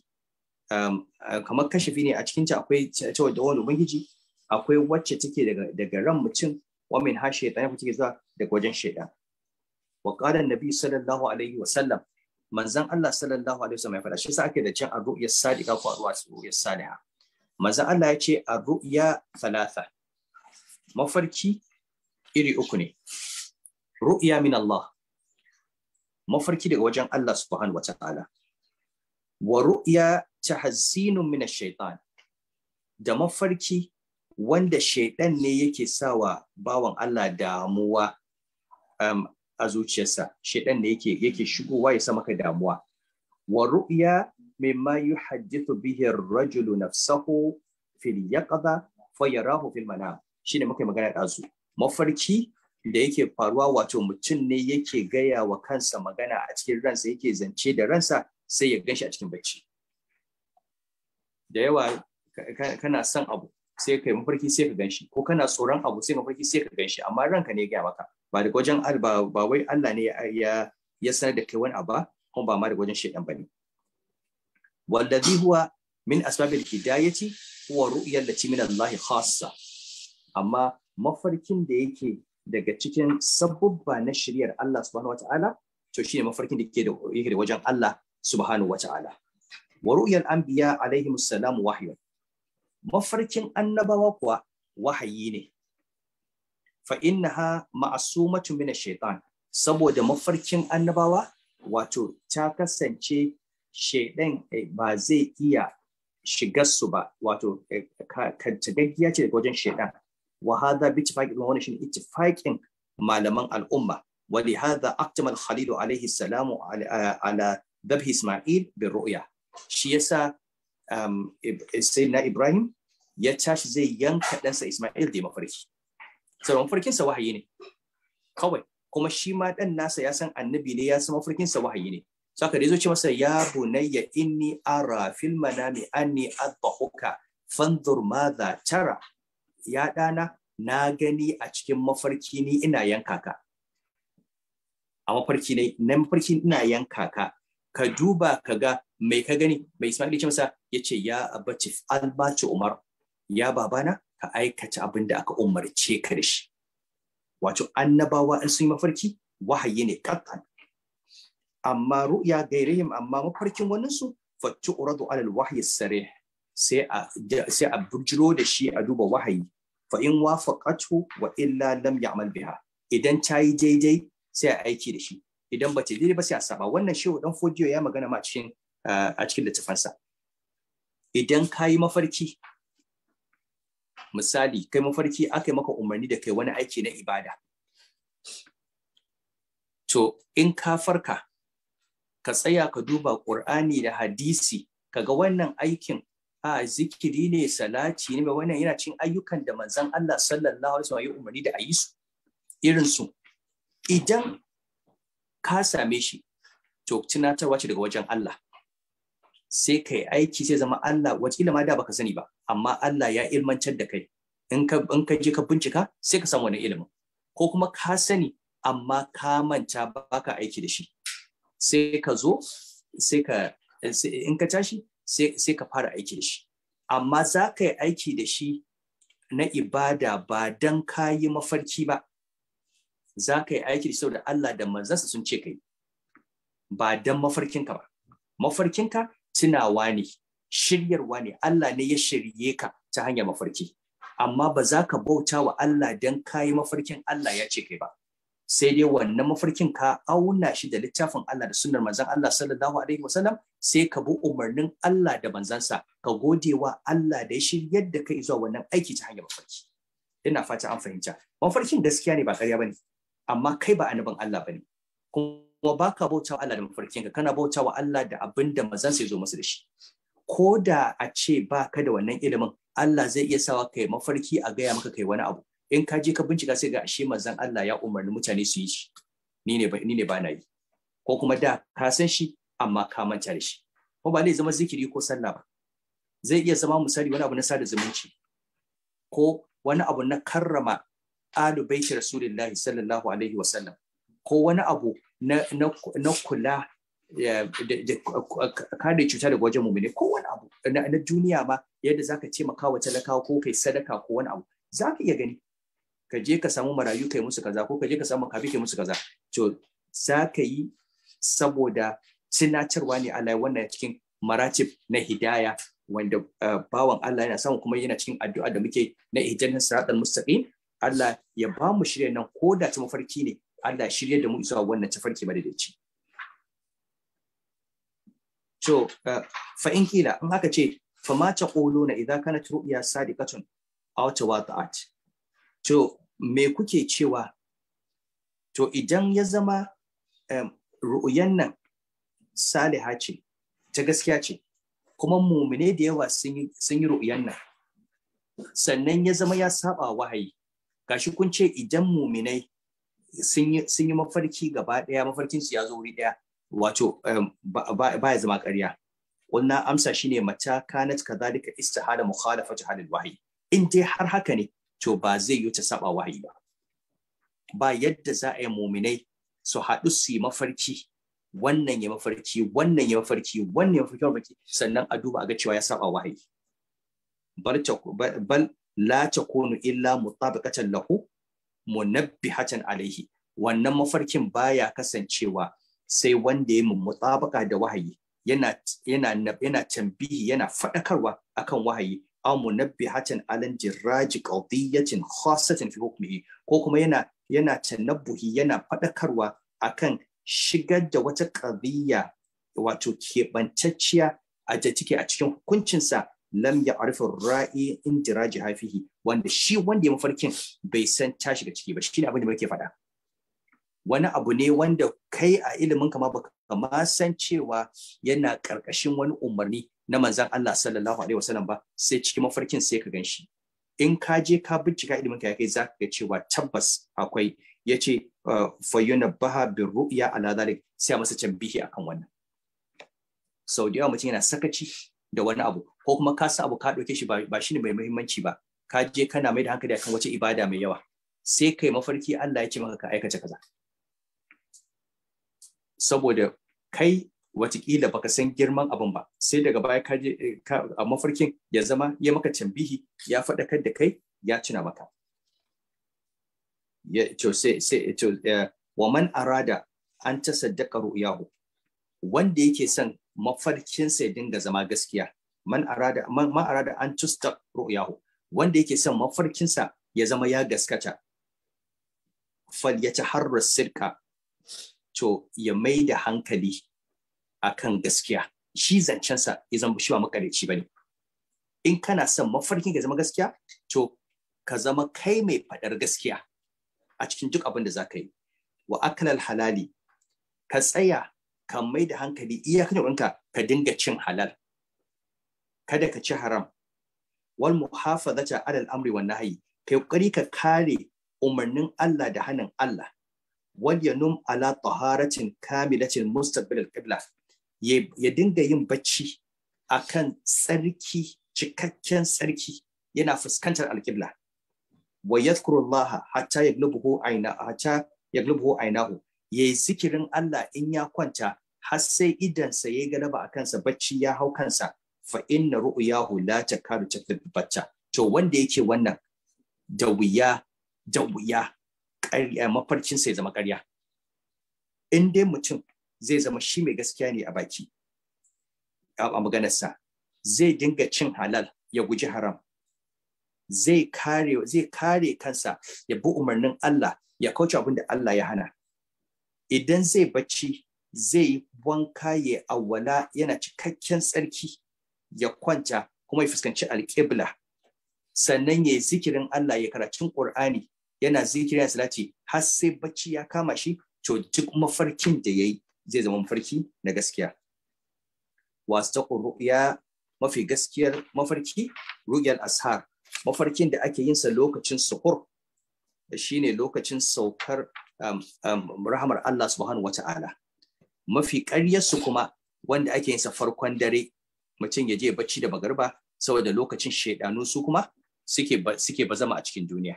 um, uh, kamar kashafi ne a cikin ta akwai cewa da wani ubangiji akwai wacce take daga daga ran mutum wa min ha shaytan take zuwa daga wajen shaytan wa qala an-nabi sallallahu alaihi wa sallam Manzan Allah sallallahu alaihi wasallam ya faɗa shi yasa ake da cin ar-ru'ya sadiqa ko ar-ru'ya saliha Manzan Allah ya ce ar-ru'ya thalatha mafarki iri uku ne ru'ya min Allah mafarki daga wajen Allah subhanahu wataala wa ru'ya tahzinun min ash-shaytan da mafarki wanda shaitan ne yake sawa bawan Allah damuwa um, a zuciyarsa shedan da yake yake shigowa ya sa maka damuwa wa ru'ya mimma yuhaddithu bihi ar-rajulu nafsahu fil yaqza fa yarahu fil manam shine muka magana da su mafarki da yake faruwa wato mutum ne yake gaya wa kansa magana a cikin ransa yake zance da ransa sai ya ganshi a cikin bacci da yawa kana son abu sai kai mafarki sai ka ganshi ko kana tsoron abu sai mafarki sai ka ganshi amma ranka ne ya gaya maka ba daga wajen ba ba wai Allah ne ya ya sanar da kai wani abu kuma ba ma daga wajen shaidan bane wallazi huwa min asbabil hidayati huwa ru'yal lati min Allah khassa amma mafarkin da yake daga cikin sabubba na shiriyar Allah subhanahu wataala to shine mafarkin da yake da wajen Allah subhanahu wataala wa ru'yal anbiya alaihimus salam wahyun mafarkin annabawa kuwa wahayi ne fa innaha ma'sumatu min shaitan saboda mafarkin annabawa wato ta kasance shaidan eh, ba zai iya shigar su ba wato eh, kantagaggiya ce daga wajen shaidan wa hadha bi ittifaqin wannan shine ittifaqin malaman al'umma wa li hadha aqtama al-khalil alayhi ala dhabh isma'il bi ru'ya shi yasa um, sayyidina Ibrahim ya tashi zai yanka ɗansa Ismail da mafarki. Sauran mafarkinsa wahayi ne. Kawai, kuma shi ma ɗan nasa ya san annabi ne ya san mafarkinsa wahayi ne. Saka da ya zo ce masa ya bunayya inni ara fil manami anni adbahuka fanzur za tara ya ɗana na gani a cikin mafarki ni ina yanka ka. A mafarki ne, na mafarki ina yanka ka, ka duba ka ga mai ka gani mai Ismail ya ce masa ya ce ya abaci albaci Umar ya babana ka aikata abin da aka umarce ka da shi wato annabawa in sun yi mafarki wahayi ne kakkan amma ru'ya gairihim amma mafarkin wannan su fatu uradu alal wahyi sare sai a sai a bujiro da shi a duba wahayi fa in wafaqatu wa illa lam ya'mal biha idan ta yi daidai sai a aiki da shi idan ba ta daidai ba sai a saba wannan shehu dan fodiyo ya magana ma cikin a cikin littafansa idan ka yi mafarki misali kai mafarki aka yi maka umarni da kai wani aiki na ibada to in ka farka ka tsaya ka duba ƙur'ani da hadisi ka ga wannan aikin a zikiri ne salati ne mai wannan yana cin ayyukan da manzon Allah sallallahu alaihi wasu umarni da yi su irin su idan ka same shi to tunatarwa ce daga wajen Allah sai kai aiki sai zama Allah wacce ma da baka sani ba amma Allah ya ilmantar da kai in ka in ka je ka bincika sai ka san wani ilimi. ko kuma ka sani amma ka manta baka aiki da shi sai ka zo sai ka in ka tashi sai ka fara aiki da shi amma za ka yi aiki da shi na ibada ba dan ka yi mafarki ba za ka yi aiki da saboda Allah da manzansa sun ce kai ba dan mafarkinka ba mafarkinka tunawa ne shiryarwa ne Allah ne ya shirye ka ta hanyar mafarki amma ba za ka bauta wa Allah don kayi mafarkin Allah ya ce kai ba sai dai wannan mafarkin ka auna shi da littafin Allah da sunnar manzon Allah sallallahu alaihi wasallam sai ka bi umarnin Allah da manzansa ka gode wa Allah da ya shiryar da kai zuwa wannan aiki ta hanyar mafarki ina fata an fahimta mafarkin gaskiya ne ba ƙarya bane amma kai ba annabin Allah bane kuma ba baka bauta wa Allah da mafarkinka kana bauta wa Allah da abin da mazan sai zo masa da shi ko da a ce ba ka da wannan ilimin Allah zai iya sawa kai mafarki a gaya maka kai wani abu in ka je ka bincika sai ga ashe mazan Allah ya umarni mutane su yi shi ni ne ni ne ba na yi ko kuma da ka san shi amma ka manta da shi ko ba zai zama zikiri ko sallah ba zai iya zama misali wani abu na sada zumunci ko wani abu na karrama alu baiti rasulullahi sallallahu alaihi wasallam ko wani abu na kula kare cuta daga wajen mumine ko wani abu na duniya ma yadda zaka ce maka wa talakawa ko kai sadaka ko wani abu zaka iya gani ka je ka samu marayu kai musu kaza ko ka je ka samu kafi kai musu kaza to zaka yi saboda tunatarwa ne Allah wannan cikin maratib na hidaya wanda bawan Allah yana samu kuma yana cikin addu'a da muke na ihdinas siratal mustaqim Allah ya ba mu shirya nan ko da ta mafarki ne Allah shirya da mu zuwa wannan tafarki madadaci so eh, fa in kila in haka ce fa ma taquluna idza kanat ru'ya sadiqatun aw tawada'at to me kuke cewa to idan ya zama ru'yan nan saliha ce ta gaskiya ce kuma mumine da yawa sun yi ru'yan nan sannan ya zama ya saba wahayi gashi kun ce idan muminai sun yi mafarki gaba ɗaya mafarkin su ya zo wuri ɗaya wato ba ya zama ƙarya wannan amsa shine mata kanat kadhalika da mukhalafatu halil wahyi in dai har haka ne to ba zai yi ta saba wahayi ba ba yadda za a yi muminai su haɗu su yi mafarki wannan ya mafarki wannan ya mafarki wannan ya mafarki mafarki sannan a duba a ga cewa ya saba wahayi bal la takunu illa mutabiqatan lahu Munabbi munabbihatan alaihi wannan mafarkin baya kasancewa sai wanda ya mutabaka da wahayi yana yana yana tambihi yana fadakarwa akan wahayi aw munabbihatan alan jirraji qadiyatin khassatan fi hukmihi ko kuma yana yana tanabbuhi yana fadakarwa akan shigar da wata qadiya wato keɓantacciya a da a cikin hukuncinsa lam arifin ra'i ji hafihi wanda shi wanda ya mafarkin bai san ta shiga ciki ba shi ne abin da muke faɗa wani abu ne wanda kai a ilimin kama baka kama san cewa yana karkashin wani umarni na manzan Allah sallallahu alaihi wasallam ba sai cikin mafarkin sai ka gan shi in ka je ka bincika ilimin ka kai zaka ga cewa tabbas akwai yace ah, fa yunabbaha bi ru'ya ala dalik sai masa tambihi akan wannan sau da yawa mutum yana sakaci da wani abu ko kuma ka sa abu ka ɗauke shi ba shi ne mai muhimmanci ba ka je kana mai da hankali akan wace ibada mai yawa sai kai mafarki Allah ya ce maka ka aikata kaza saboda kai watakila baka san girman abin ba sai daga baya ka je eh, a mafarkin ya zama ya maka tambihi ya faɗakar da kai ya tuna maka ya to sai sai to eh, wa man arada an tasaddaqa ru'yahu wanda yake son mafarkinsa ya dinga zama gaskiya man arada man, man arada an tusta ru'yahu wanda yake son mafarkinsa ya zama ya gaskata fal ya taharra sirka to ya mai da hankali akan gaskiya shi zancensa ya zama shi ba makareci bane in kana son mafarkin ka zama gaskiya to ka zama kai mai faɗar gaskiya a cikin duk abin da za ka yi wa akalal halali ka tsaya ka mai da hankali iya wanka ka dinga cin halal kada ka ci haram wal muhafazata ala al-amri wan nahyi kai kokari ka kare umarnin Allah da hanin Allah wal yanum ala taharatin kamilatin mustaqbil al-qibla ya dinga yin bacci akan tsarki cikakken tsarki yana fuskantar Al-Qibla. al-qibla wa yadhkurullaha hatta yaglubuhu aina hatta yaglubuhu ainahu ya yi zikirin Allah in ya kwanta har sai idansa ya yi galaba a kansa bacci ya hau kansa fa inna ru'yahu la ta tathbatta to wanda yake wannan da wuya da wuya mafarkin sai zama karya. in dai mutum zai zama shi mai gaskiya ne a baki a maganarsa zai dinga cin halal ya guji haram zai kare zai kare kansa ya bi umarnin Allah ya kauce abin da Allah ya hana idan zai bacci zai yi wanka ya awwala yana cikakken tsarki ya kwanta kuma ya fuskanci alƙibla sannan ya yi zikirin Allah ya karacin Ƙur'ani yana zikirin salati har sai bacci ya kama shi to duk mafarkin da ya yi zai zama mafarki na gaskiya wasu ru'ya mafi gaskiyar mafarki ru'yal ashar mafarkin da ake yin sa lokacin sukur shine lokacin saukar um, um, rahamar Allah subhanahu wata'ala mafi ƙaryarsu kuma wanda ake yin sa farkon dare mutum ya je bacci da bagarba saboda lokacin shaidanu su kuma suke bazama a cikin duniya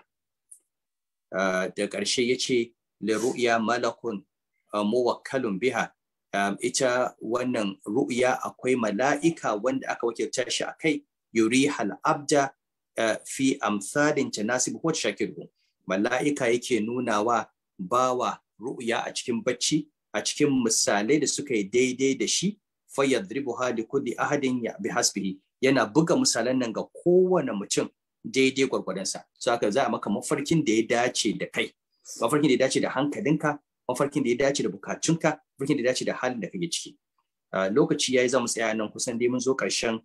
uh, da ƙarshe ya ce ru'ya malakun uh, muwakkalun biha um, ita wannan ru'ya akwai mala'ika wanda aka wakilta shi a kai yuri abda uh, fi amsalin janasib ko shakirun mala'ika yake nuna wa bawa ru'ya a cikin bacci a cikin misalai da suka yi daidai da shi fayyadribuha kudi kulli ahadin ya bi hasbihi yana buga misalan nan ga kowane mutum daidai gwargwadonsa so haka za a maka mafarkin da ya dace da kai mafarkin da ya dace da hankalinka mafarkin da ya dace da bukatunka mafarkin da ya dace da halin da kake ciki lokaci ya yi za mu tsaya nan kusan dai mun zo karshen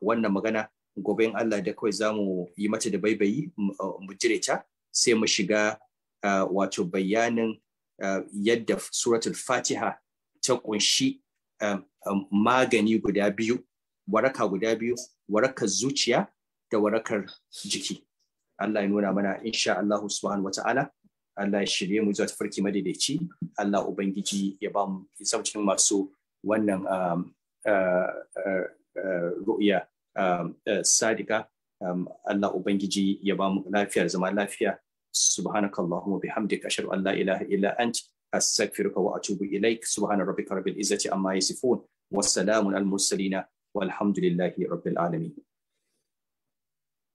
wannan magana gobe in Allah da kawai za mu yi mata da baibayi mu jire ta sai mu shiga ah, wato bayanin ah, yadda suratul fatiha ta kunshi ah, magani guda biyu waraka guda biyu warakar zuciya da warakar jiki Allah ya nuna mana insha Allah subhanahu wa ta'ala Allah ya shirye mu zuwa tafarki madaidaici Allah ubangiji ya ba mu isaucin masu wannan ru'ya sadika Allah ubangiji ya ba mu lafiya zama lafiya سبحانك اللهم وبحمدك أشهد أن لا إله إلا أنت أستغفرك وأتوب إليك سبحان ربك رب العزة عما يصفون والسلام على المرسلين والحمد لله رب العالمين